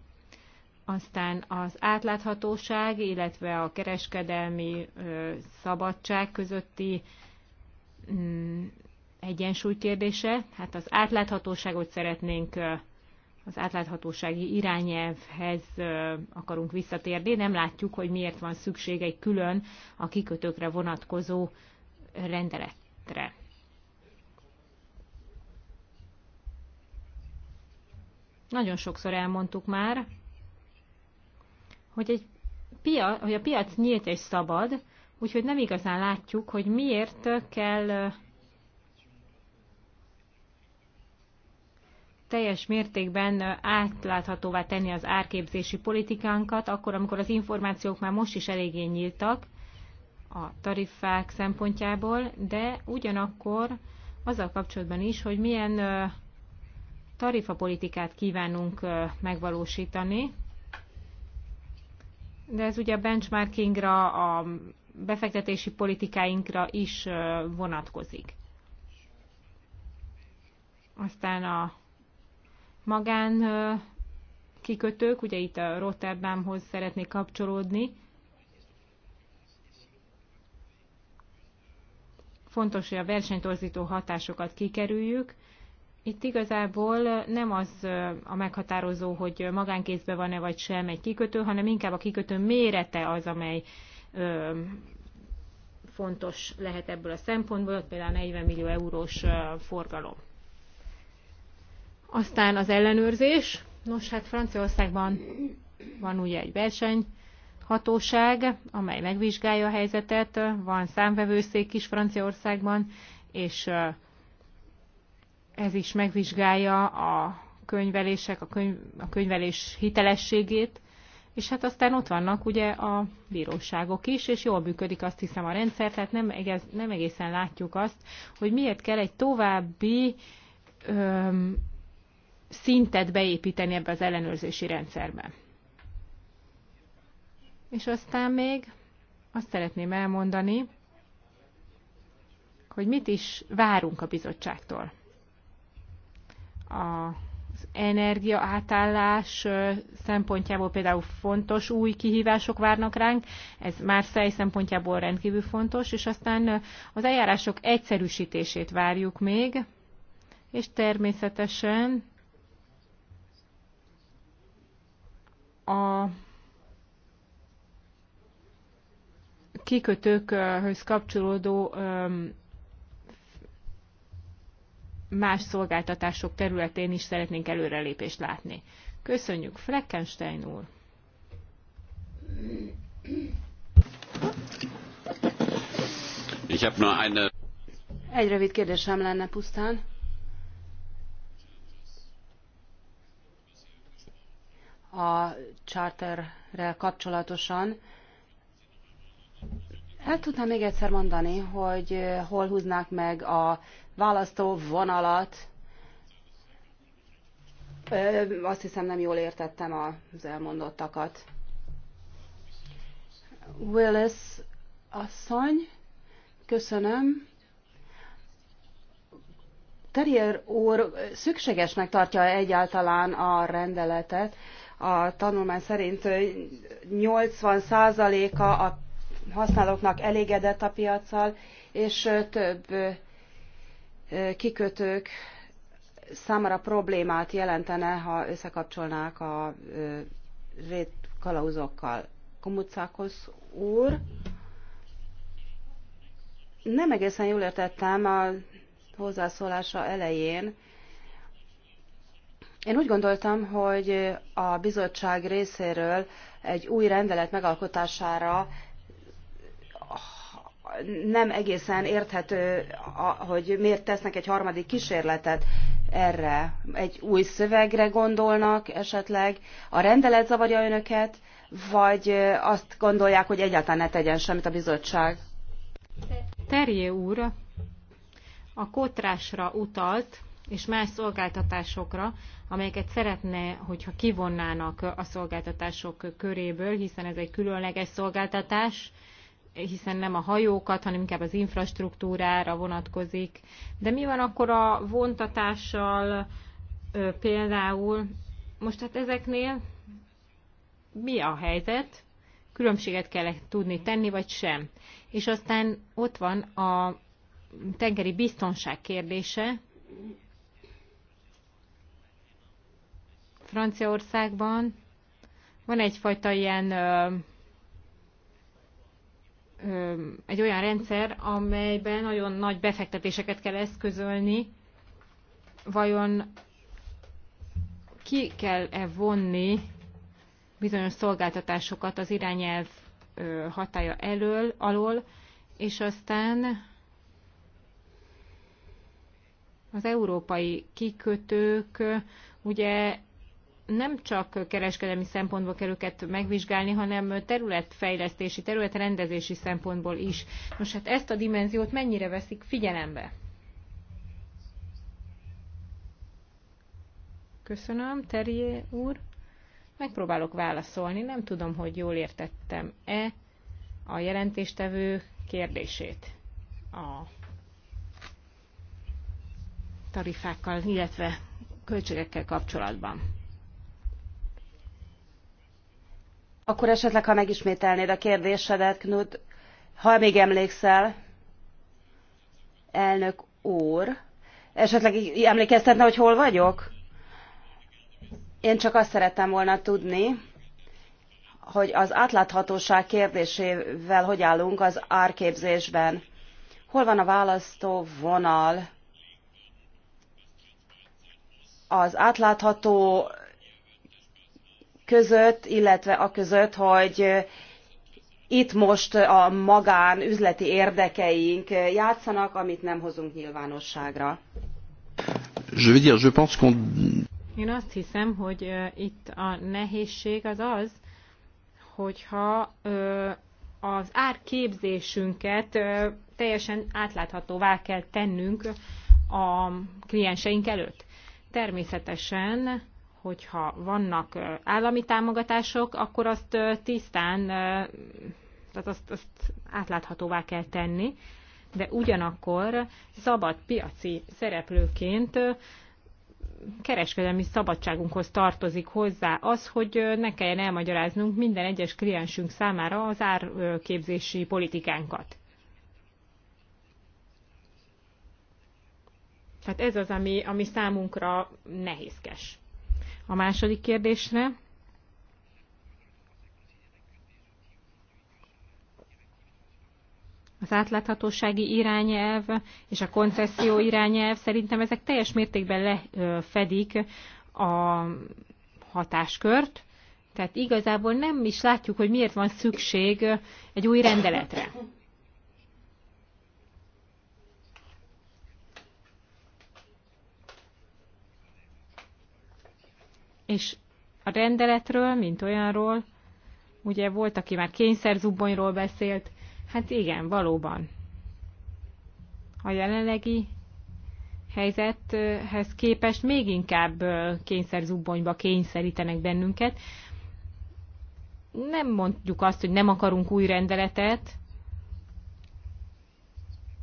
Aztán az átláthatóság, illetve a kereskedelmi szabadság közötti mm, egyensúly kérdése. Hát az átláthatóságot szeretnénk az átláthatósági irányelvhez akarunk visszatérni. Nem látjuk, hogy miért van szükség egy külön a kikötőkre vonatkozó rendeletre. Nagyon sokszor elmondtuk már, hogy, egy pia, hogy a piac nyílt és szabad, úgyhogy nem igazán látjuk, hogy miért kell teljes mértékben átláthatóvá tenni az árképzési politikánkat, akkor, amikor az információk már most is eléggé nyíltak a tarifák szempontjából, de ugyanakkor azzal kapcsolatban is, hogy milyen tarifapolitikát kívánunk megvalósítani, de ez ugye a benchmarkingra, a befektetési politikáinkra is vonatkozik. Aztán a magán kikötők, ugye itt a Rotterdamhoz szeretnék kapcsolódni. Fontos, hogy a versenytorzító hatásokat kikerüljük. Itt igazából nem az a meghatározó, hogy magánkézbe van-e vagy sem egy kikötő, hanem inkább a kikötő mérete az, amely ö, fontos lehet ebből a szempontból, például 40 millió eurós forgalom. Aztán az ellenőrzés. Nos, hát Franciaországban van ugye egy verseny, hatóság, amely megvizsgálja a helyzetet, van számvevőszék is Franciaországban, és ez is megvizsgálja a könyvelések, a, könyv, a könyvelés hitelességét, és hát aztán ott vannak ugye a bíróságok is, és jól működik azt hiszem a rendszer, tehát nem, egész, nem egészen látjuk azt, hogy miért kell egy további öm, szintet beépíteni ebbe az ellenőrzési rendszerbe. És aztán még azt szeretném elmondani, hogy mit is várunk a bizottságtól. Az energia átállás szempontjából például fontos új kihívások várnak ránk, ez már száj szempontjából rendkívül fontos, és aztán az eljárások egyszerűsítését várjuk még, és természetesen a kikötőkhöz kapcsolódó más szolgáltatások területén is szeretnénk előrelépést látni. Köszönjük, Fleckenstein úr! egy rövid kérdésem lenne pusztán. A Charterrel kapcsolatosan. El tudnám még egyszer mondani, hogy eh, hol húznák meg a választó vonalat. Eh, azt hiszem nem jól értettem az elmondottakat. Willis asszony, köszönöm. Terrier úr szükségesnek tartja egyáltalán a rendeletet a tanulmány szerint 80%-a a használóknak elégedett a piaccal, és több kikötők számára problémát jelentene, ha összekapcsolnák a rétkalauzokkal. Komucákos úr, nem egészen jól értettem a hozzászólása elején, én úgy gondoltam, hogy a bizottság részéről egy új rendelet megalkotására nem egészen érthető, hogy miért tesznek egy harmadik kísérletet erre. Egy új szövegre gondolnak esetleg? A rendelet zavarja önöket, vagy azt gondolják, hogy egyáltalán ne tegyen semmit a bizottság? Terje úr a kotrásra utalt, és más szolgáltatásokra, amelyeket szeretne, hogyha kivonnának a szolgáltatások köréből, hiszen ez egy különleges szolgáltatás, hiszen nem a hajókat, hanem inkább az infrastruktúrára vonatkozik. De mi van akkor a vontatással például? Most hát ezeknél mi a helyzet? Különbséget kell tudni tenni, vagy sem? És aztán ott van a tengeri biztonság kérdése, Franciaországban van egyfajta ilyen ö, ö, egy olyan rendszer, amelyben nagyon nagy befektetéseket kell eszközölni. Vajon ki kell-e vonni bizonyos szolgáltatásokat az irányelv hatája elől, alól, és aztán az európai kikötők ugye nem csak kereskedelmi szempontból kell őket megvizsgálni, hanem területfejlesztési, területrendezési szempontból is. Nos, hát ezt a dimenziót mennyire veszik figyelembe? Köszönöm, Terje úr. Megpróbálok válaszolni, nem tudom, hogy jól értettem-e a jelentéstevő kérdését a tarifákkal, illetve költségekkel kapcsolatban. Akkor esetleg, ha megismételnéd a kérdésedet, Knut, ha még emlékszel, elnök úr, esetleg emlékeztetne, hogy hol vagyok? Én csak azt szerettem volna tudni, hogy az átláthatóság kérdésével hogy állunk az árképzésben. Hol van a választó vonal? Az átlátható között, illetve a között, hogy itt most a magán üzleti érdekeink játszanak, amit nem hozunk nyilvánosságra. Je veux dire, je pense qu'on... Én azt hiszem, hogy itt a nehézség az az, hogyha az árképzésünket teljesen átláthatóvá kell tennünk a klienseink előtt. Természetesen hogyha vannak állami támogatások, akkor azt tisztán, tehát azt, azt átláthatóvá kell tenni, de ugyanakkor szabad piaci szereplőként kereskedelmi szabadságunkhoz tartozik hozzá az, hogy ne kelljen elmagyaráznunk minden egyes kliensünk számára az árképzési politikánkat. Tehát ez az, ami, ami számunkra nehézkes a második kérdésre. Az átláthatósági irányelv és a koncesszió irányelv szerintem ezek teljes mértékben lefedik a hatáskört, tehát igazából nem is látjuk, hogy miért van szükség egy új rendeletre. És a rendeletről, mint olyanról, ugye volt, aki már kényszerzubbonyról beszélt, hát igen, valóban. A jelenlegi helyzethez képest még inkább kényszerzubbonyba kényszerítenek bennünket. Nem mondjuk azt, hogy nem akarunk új rendeletet,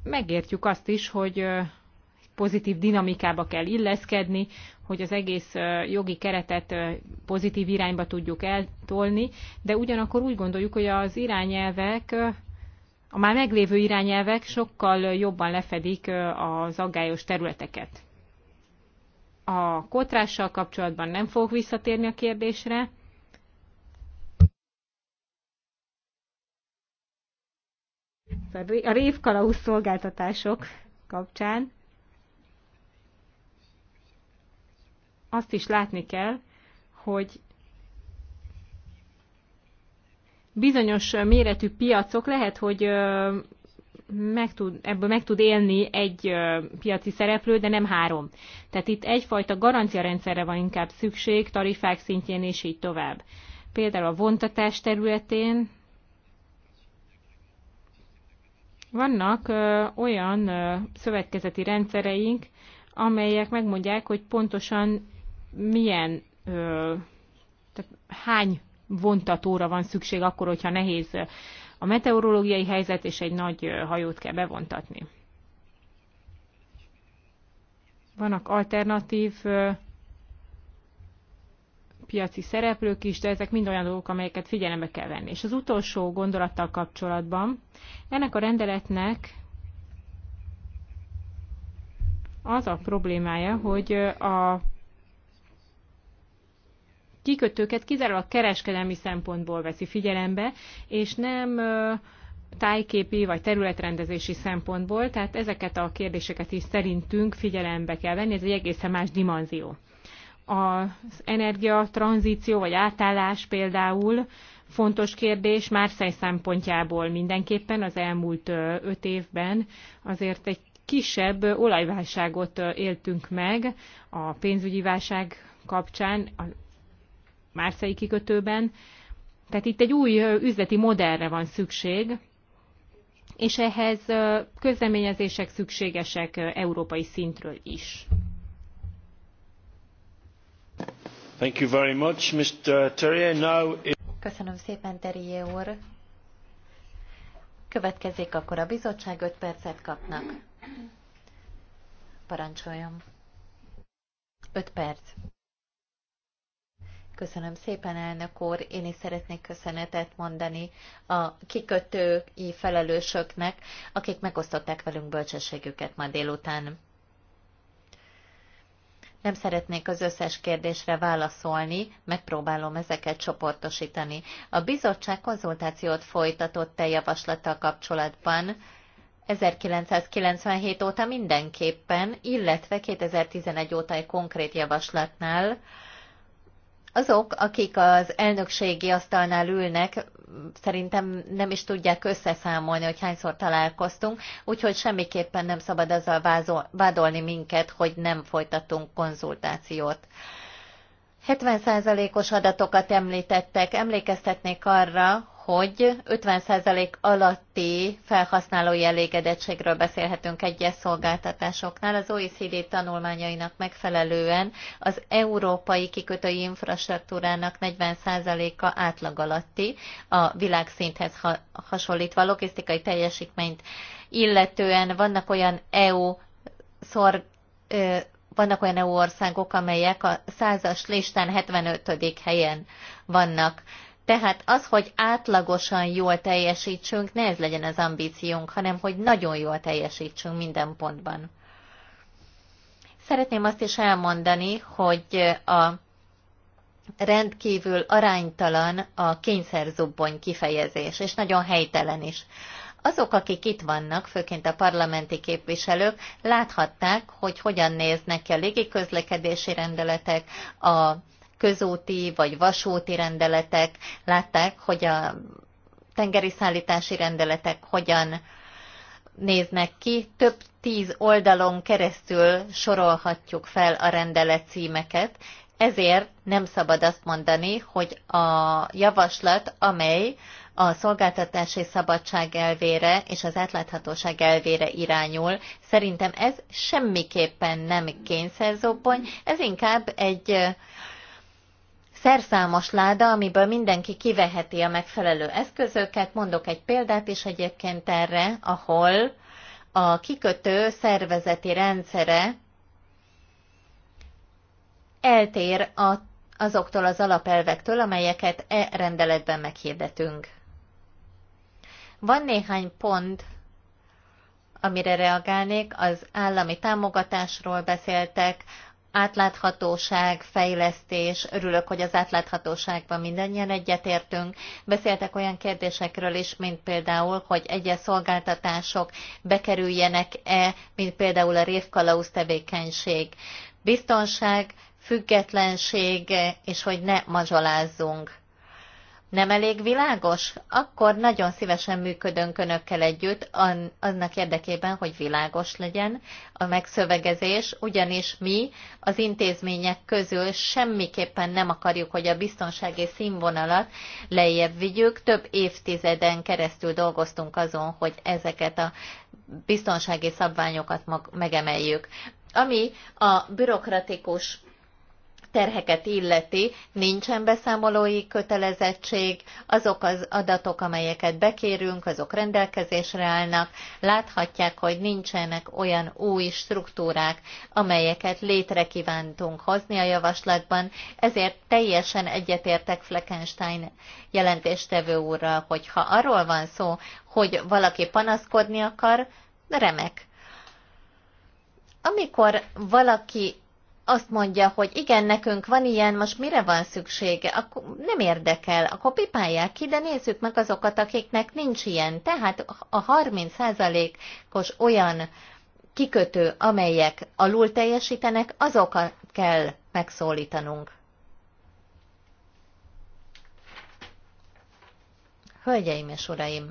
megértjük azt is, hogy pozitív dinamikába kell illeszkedni, hogy az egész jogi keretet pozitív irányba tudjuk eltolni, de ugyanakkor úgy gondoljuk, hogy az irányelvek, a már meglévő irányelvek sokkal jobban lefedik az aggályos területeket. A kotrással kapcsolatban nem fogok visszatérni a kérdésre, a révkalauz szolgáltatások kapcsán. azt is látni kell, hogy bizonyos méretű piacok lehet, hogy meg tud, ebből meg tud élni egy piaci szereplő, de nem három. Tehát itt egyfajta garanciarendszerre van inkább szükség, tarifák szintjén és így tovább. Például a vontatás területén vannak olyan szövetkezeti rendszereink, amelyek megmondják, hogy pontosan milyen, ö, tehát hány vontatóra van szükség akkor, hogyha nehéz a meteorológiai helyzet, és egy nagy hajót kell bevontatni. Vannak alternatív piaci szereplők is, de ezek mind olyan dolgok, amelyeket figyelembe kell venni. És az utolsó gondolattal kapcsolatban, ennek a rendeletnek az a problémája, hogy a kikötőket kizárólag kereskedelmi szempontból veszi figyelembe, és nem tájképi vagy területrendezési szempontból, tehát ezeket a kérdéseket is szerintünk figyelembe kell venni, ez egy egészen más dimenzió. Az energia, vagy átállás például fontos kérdés Márszely szempontjából mindenképpen az elmúlt öt évben azért egy kisebb olajválságot éltünk meg a pénzügyi válság kapcsán, Márszai kikötőben. Tehát itt egy új üzleti modellre van szükség, és ehhez közleményezések szükségesek európai szintről is. Thank you very much, Mr. Terrier. Now it... Köszönöm szépen, Terrier úr. Következik akkor a bizottság, 5 percet kapnak. Parancsoljam. 5 perc. Köszönöm szépen, elnök úr. Én is szeretnék köszönetet mondani a kikötői felelősöknek, akik megosztották velünk bölcsességüket ma délután. Nem szeretnék az összes kérdésre válaszolni, megpróbálom ezeket csoportosítani. A bizottság konzultációt folytatott e javaslattal kapcsolatban, 1997 óta mindenképpen, illetve 2011 óta egy konkrét javaslatnál, azok, akik az elnökségi asztalnál ülnek, szerintem nem is tudják összeszámolni, hogy hányszor találkoztunk, úgyhogy semmiképpen nem szabad azzal vádolni minket, hogy nem folytatunk konzultációt. 70%-os adatokat említettek. Emlékeztetnék arra, hogy 50% alatti felhasználói elégedettségről beszélhetünk egyes szolgáltatásoknál. Az OECD tanulmányainak megfelelően az európai kikötői infrastruktúrának 40%-a átlag alatti, a világszinthez hasonlítva a logisztikai teljesítményt illetően vannak olyan EU szor, vannak olyan EU országok, amelyek a százas listán 75. helyen vannak. Tehát az, hogy átlagosan jól teljesítsünk, ne ez legyen az ambíciónk, hanem hogy nagyon jól teljesítsünk minden pontban. Szeretném azt is elmondani, hogy a rendkívül aránytalan a kényszerzubbony kifejezés, és nagyon helytelen is. Azok, akik itt vannak, főként a parlamenti képviselők, láthatták, hogy hogyan néznek ki a légiközlekedési rendeletek, a közúti vagy vasúti rendeletek, látták, hogy a tengeri szállítási rendeletek hogyan néznek ki. Több tíz oldalon keresztül sorolhatjuk fel a rendelet címeket, ezért nem szabad azt mondani, hogy a javaslat, amely a szolgáltatási szabadság elvére és az átláthatóság elvére irányul. Szerintem ez semmiképpen nem kényszerzóbony, ez inkább egy szerszámos láda, amiből mindenki kiveheti a megfelelő eszközöket. Mondok egy példát is egyébként erre, ahol a kikötő szervezeti rendszere eltér a, azoktól az alapelvektől, amelyeket e rendeletben meghirdetünk. Van néhány pont, amire reagálnék, az állami támogatásról beszéltek, átláthatóság, fejlesztés, örülök, hogy az átláthatóságban mindannyian egyetértünk. Beszéltek olyan kérdésekről is, mint például, hogy egyes szolgáltatások bekerüljenek-e, mint például a révkalauz tevékenység. Biztonság, függetlenség, és hogy ne mazsolázzunk nem elég világos? Akkor nagyon szívesen működünk Önökkel együtt, annak érdekében, hogy világos legyen a megszövegezés, ugyanis mi az intézmények közül semmiképpen nem akarjuk, hogy a biztonsági színvonalat lejjebb vigyük. Több évtizeden keresztül dolgoztunk azon, hogy ezeket a biztonsági szabványokat megemeljük. Ami a bürokratikus terheket illeti, nincsen beszámolói kötelezettség, azok az adatok, amelyeket bekérünk, azok rendelkezésre állnak, láthatják, hogy nincsenek olyan új struktúrák, amelyeket létre kívántunk hozni a javaslatban, ezért teljesen egyetértek Fleckenstein jelentéstevő úrral, hogy ha arról van szó, hogy valaki panaszkodni akar, remek. Amikor valaki azt mondja, hogy igen, nekünk van ilyen, most mire van szüksége, akkor nem érdekel, akkor pipálják ki, de nézzük meg azokat, akiknek nincs ilyen. Tehát a 30%-os olyan kikötő, amelyek alul teljesítenek, azokat kell megszólítanunk. Hölgyeim és uraim!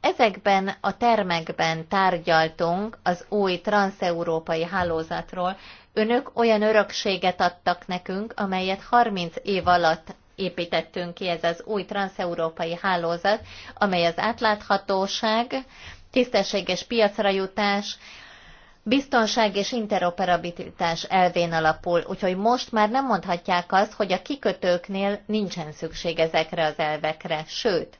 Ezekben a termekben tárgyaltunk az új transeurópai hálózatról. Önök olyan örökséget adtak nekünk, amelyet 30 év alatt építettünk ki, ez az új transeurópai hálózat, amely az átláthatóság, tisztességes piacra jutás, biztonság és interoperabilitás elvén alapul, úgyhogy most már nem mondhatják azt, hogy a kikötőknél nincsen szükség ezekre az elvekre, sőt,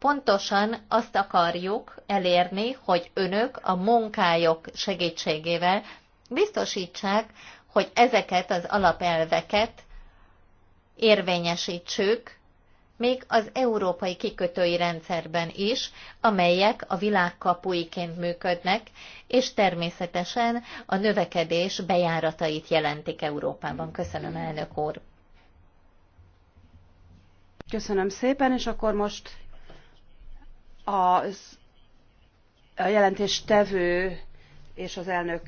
Pontosan azt akarjuk elérni, hogy önök a munkájuk segítségével biztosítsák, hogy ezeket az alapelveket érvényesítsük, még az európai kikötői rendszerben is, amelyek a világkapuiként működnek, és természetesen a növekedés bejáratait jelentik Európában. Köszönöm, elnök úr! Köszönöm szépen, és akkor most az, a jelentéstevő és az elnök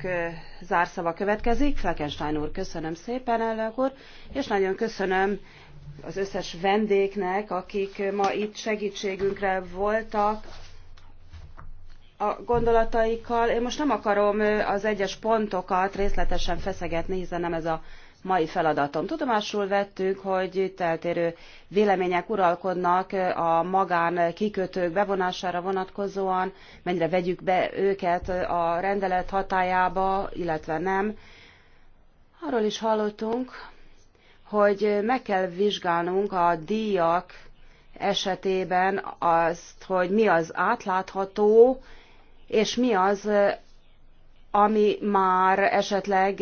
zárszava következik. Fleckenstein úr, köszönöm szépen, elnök úr, és nagyon köszönöm az összes vendégnek, akik ma itt segítségünkre voltak a gondolataikkal. Én most nem akarom az egyes pontokat részletesen feszegetni, hiszen nem ez a mai feladatom. Tudomásul vettük, hogy itt eltérő vélemények uralkodnak a magán kikötők bevonására vonatkozóan, mennyire vegyük be őket a rendelet hatájába, illetve nem. Arról is hallottunk, hogy meg kell vizsgálnunk a díjak esetében azt, hogy mi az átlátható, és mi az, ami már esetleg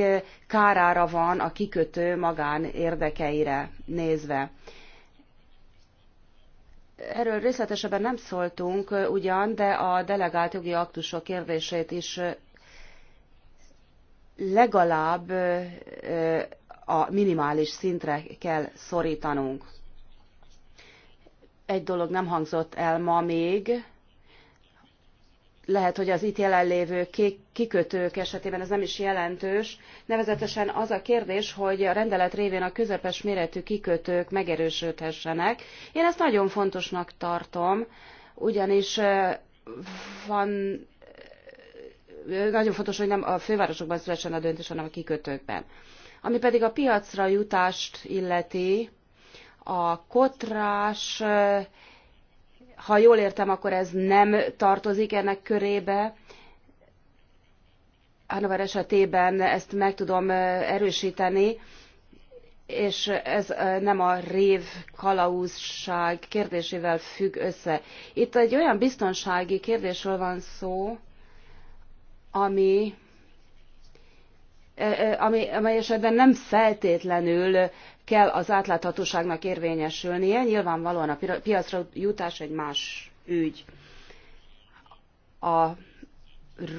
kárára van a kikötő magán érdekeire nézve. Erről részletesebben nem szóltunk ugyan, de a delegált jogi aktusok kérdését is legalább a minimális szintre kell szorítanunk. Egy dolog nem hangzott el ma még, lehet, hogy az itt jelenlévő kikötők esetében ez nem is jelentős. Nevezetesen az a kérdés, hogy a rendelet révén a közepes méretű kikötők megerősödhessenek. Én ezt nagyon fontosnak tartom, ugyanis van nagyon fontos, hogy nem a fővárosokban szülessen a döntés, hanem a kikötőkben. Ami pedig a piacra jutást illeti, a kotrás ha jól értem, akkor ez nem tartozik ennek körébe. Hannover esetében ezt meg tudom erősíteni, és ez nem a rév kalauzság kérdésével függ össze. Itt egy olyan biztonsági kérdésről van szó, ami ami, amely esetben nem feltétlenül kell az átláthatóságnak érvényesülnie. Nyilvánvalóan a piacra jutás egy más ügy. A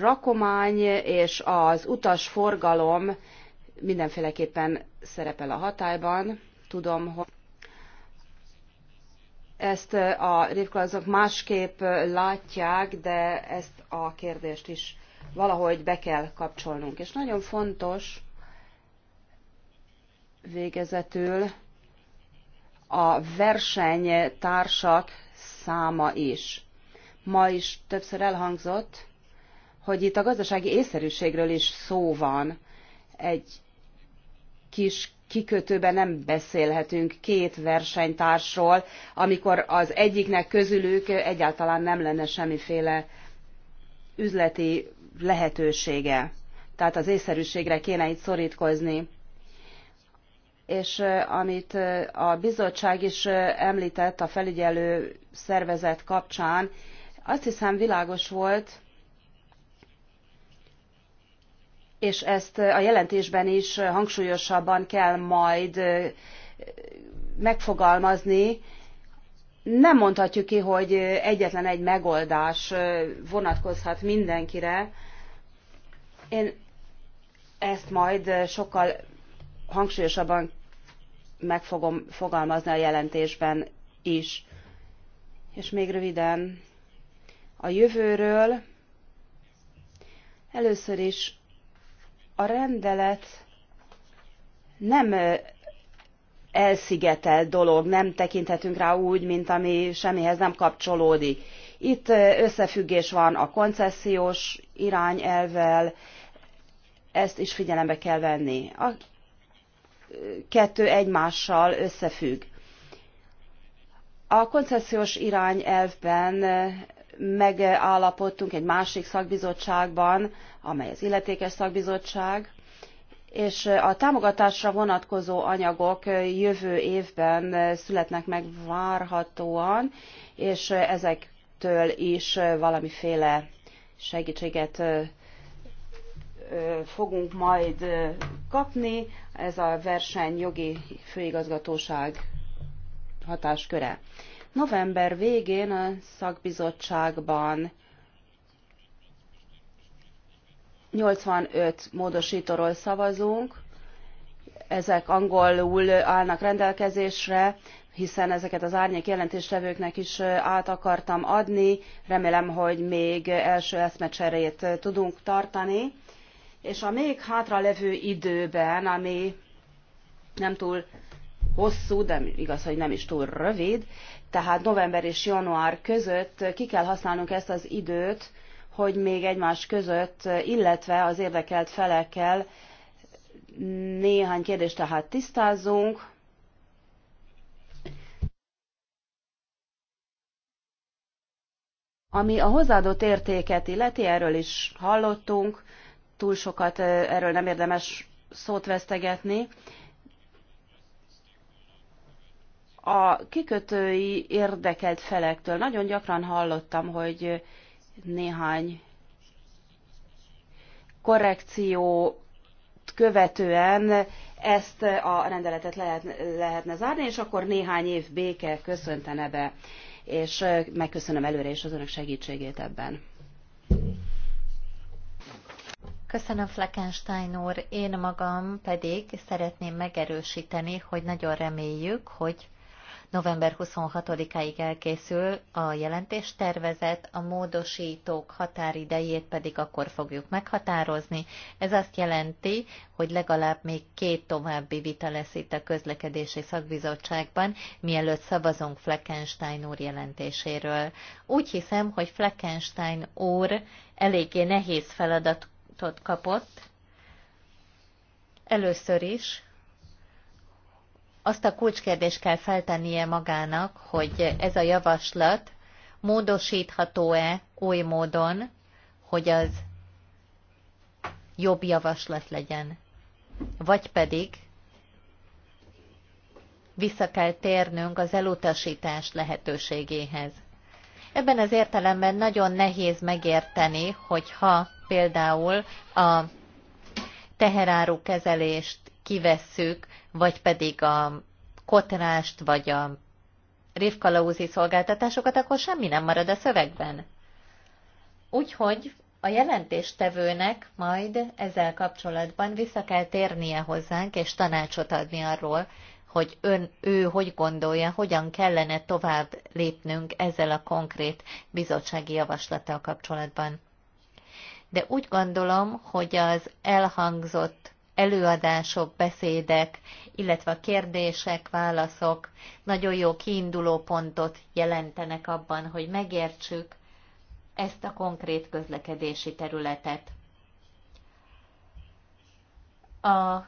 rakomány és az utasforgalom mindenféleképpen szerepel a hatályban. Tudom, hogy ezt a révkalazok másképp látják, de ezt a kérdést is valahogy be kell kapcsolnunk. És nagyon fontos, végezetül a versenytársak száma is. Ma is többször elhangzott, hogy itt a gazdasági észszerűségről is szó van. Egy kis kikötőben nem beszélhetünk két versenytársról, amikor az egyiknek közülük egyáltalán nem lenne semmiféle üzleti lehetősége. Tehát az észszerűségre kéne itt szorítkozni és amit a bizottság is említett a felügyelő szervezet kapcsán, azt hiszem világos volt, és ezt a jelentésben is hangsúlyosabban kell majd megfogalmazni, nem mondhatjuk ki, hogy egyetlen egy megoldás vonatkozhat mindenkire. Én ezt majd sokkal hangsúlyosabban meg fogom fogalmazni a jelentésben is. És még röviden a jövőről. Először is a rendelet nem elszigetelt dolog, nem tekinthetünk rá úgy, mint ami semmihez nem kapcsolódik. Itt összefüggés van a koncesziós irányelvel, ezt is figyelembe kell venni kettő egymással összefügg. A koncesziós irányelvben megállapodtunk egy másik szakbizottságban, amely az illetékes szakbizottság, és a támogatásra vonatkozó anyagok jövő évben születnek meg várhatóan, és ezektől is valamiféle segítséget fogunk majd kapni ez a jogi főigazgatóság hatásköre. November végén a szakbizottságban 85 módosítóról szavazunk, ezek angolul állnak rendelkezésre, hiszen ezeket az árnyék jelentéstevőknek is át akartam adni. Remélem, hogy még első eszmecserét tudunk tartani és a még hátralevő időben, ami nem túl hosszú, de igaz, hogy nem is túl rövid, tehát november és január között ki kell használnunk ezt az időt, hogy még egymás között, illetve az érdekelt felekkel néhány kérdést tehát tisztázzunk. Ami a hozzáadott értéket illeti, erről is hallottunk, túl sokat erről nem érdemes szót vesztegetni. A kikötői érdekelt felektől nagyon gyakran hallottam, hogy néhány korrekció követően ezt a rendeletet lehet, lehetne zárni, és akkor néhány év béke köszöntene be, és megköszönöm előre is az önök segítségét ebben. Köszönöm, Fleckenstein úr. Én magam pedig szeretném megerősíteni, hogy nagyon reméljük, hogy november 26-áig elkészül a jelentéstervezet, a módosítók határidejét pedig akkor fogjuk meghatározni. Ez azt jelenti, hogy legalább még két további vita lesz itt a közlekedési szakbizottságban, mielőtt szavazunk Fleckenstein úr jelentéséről. Úgy hiszem, hogy Fleckenstein úr eléggé nehéz feladat feladatot kapott. Először is azt a kulcskérdést kell feltennie magának, hogy ez a javaslat módosítható-e oly módon, hogy az jobb javaslat legyen. Vagy pedig vissza kell térnünk az elutasítás lehetőségéhez. Ebben az értelemben nagyon nehéz megérteni, hogyha például a teheráru kezelést kivesszük, vagy pedig a kotrást, vagy a révkalauzi szolgáltatásokat, akkor semmi nem marad a szövegben. Úgyhogy a jelentéstevőnek majd ezzel kapcsolatban vissza kell térnie hozzánk, és tanácsot adni arról, hogy ön, ő hogy gondolja, hogyan kellene tovább lépnünk ezzel a konkrét bizottsági javaslattal kapcsolatban de úgy gondolom, hogy az elhangzott előadások, beszédek, illetve a kérdések, válaszok nagyon jó kiinduló pontot jelentenek abban, hogy megértsük ezt a konkrét közlekedési területet. A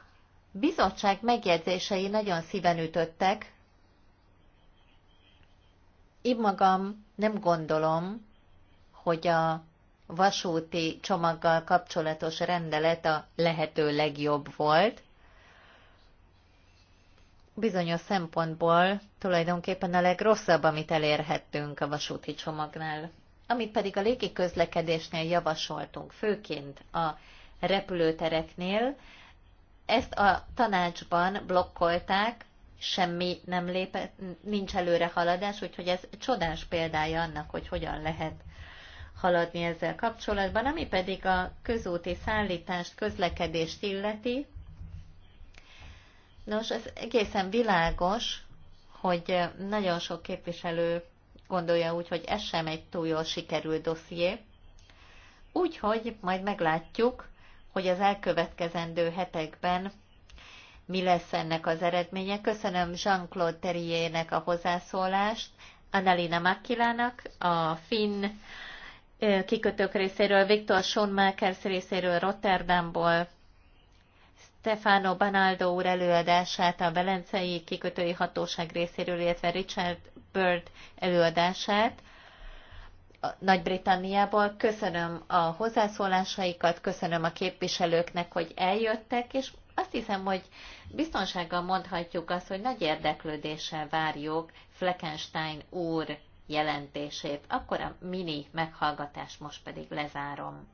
bizottság megjegyzései nagyon szíven ütöttek. Én magam nem gondolom, hogy a vasúti csomaggal kapcsolatos rendelet a lehető legjobb volt. Bizonyos szempontból tulajdonképpen a legrosszabb, amit elérhettünk a vasúti csomagnál. Amit pedig a légi közlekedésnél javasoltunk, főként a repülőtereknél, ezt a tanácsban blokkolták, semmi nem lépett, nincs előre haladás, úgyhogy ez csodás példája annak, hogy hogyan lehet haladni ezzel kapcsolatban, ami pedig a közúti szállítást, közlekedést illeti. Nos, ez egészen világos, hogy nagyon sok képviselő gondolja úgy, hogy ez sem egy túl jól sikerült dosszié. Úgyhogy majd meglátjuk, hogy az elkövetkezendő hetekben mi lesz ennek az eredménye. Köszönöm Jean-Claude Terriének a hozzászólást, Annalina Makilának, a finn kikötők részéről, Viktor Schoenmakers részéről Rotterdamból, Stefano Banaldo úr előadását a Velencei Kikötői Hatóság részéről, illetve Richard Bird előadását Nagy-Britanniából. Köszönöm a hozzászólásaikat, köszönöm a képviselőknek, hogy eljöttek, és azt hiszem, hogy biztonsággal mondhatjuk azt, hogy nagy érdeklődéssel várjuk Fleckenstein úr jelentését. Akkor a mini meghallgatás most pedig lezárom.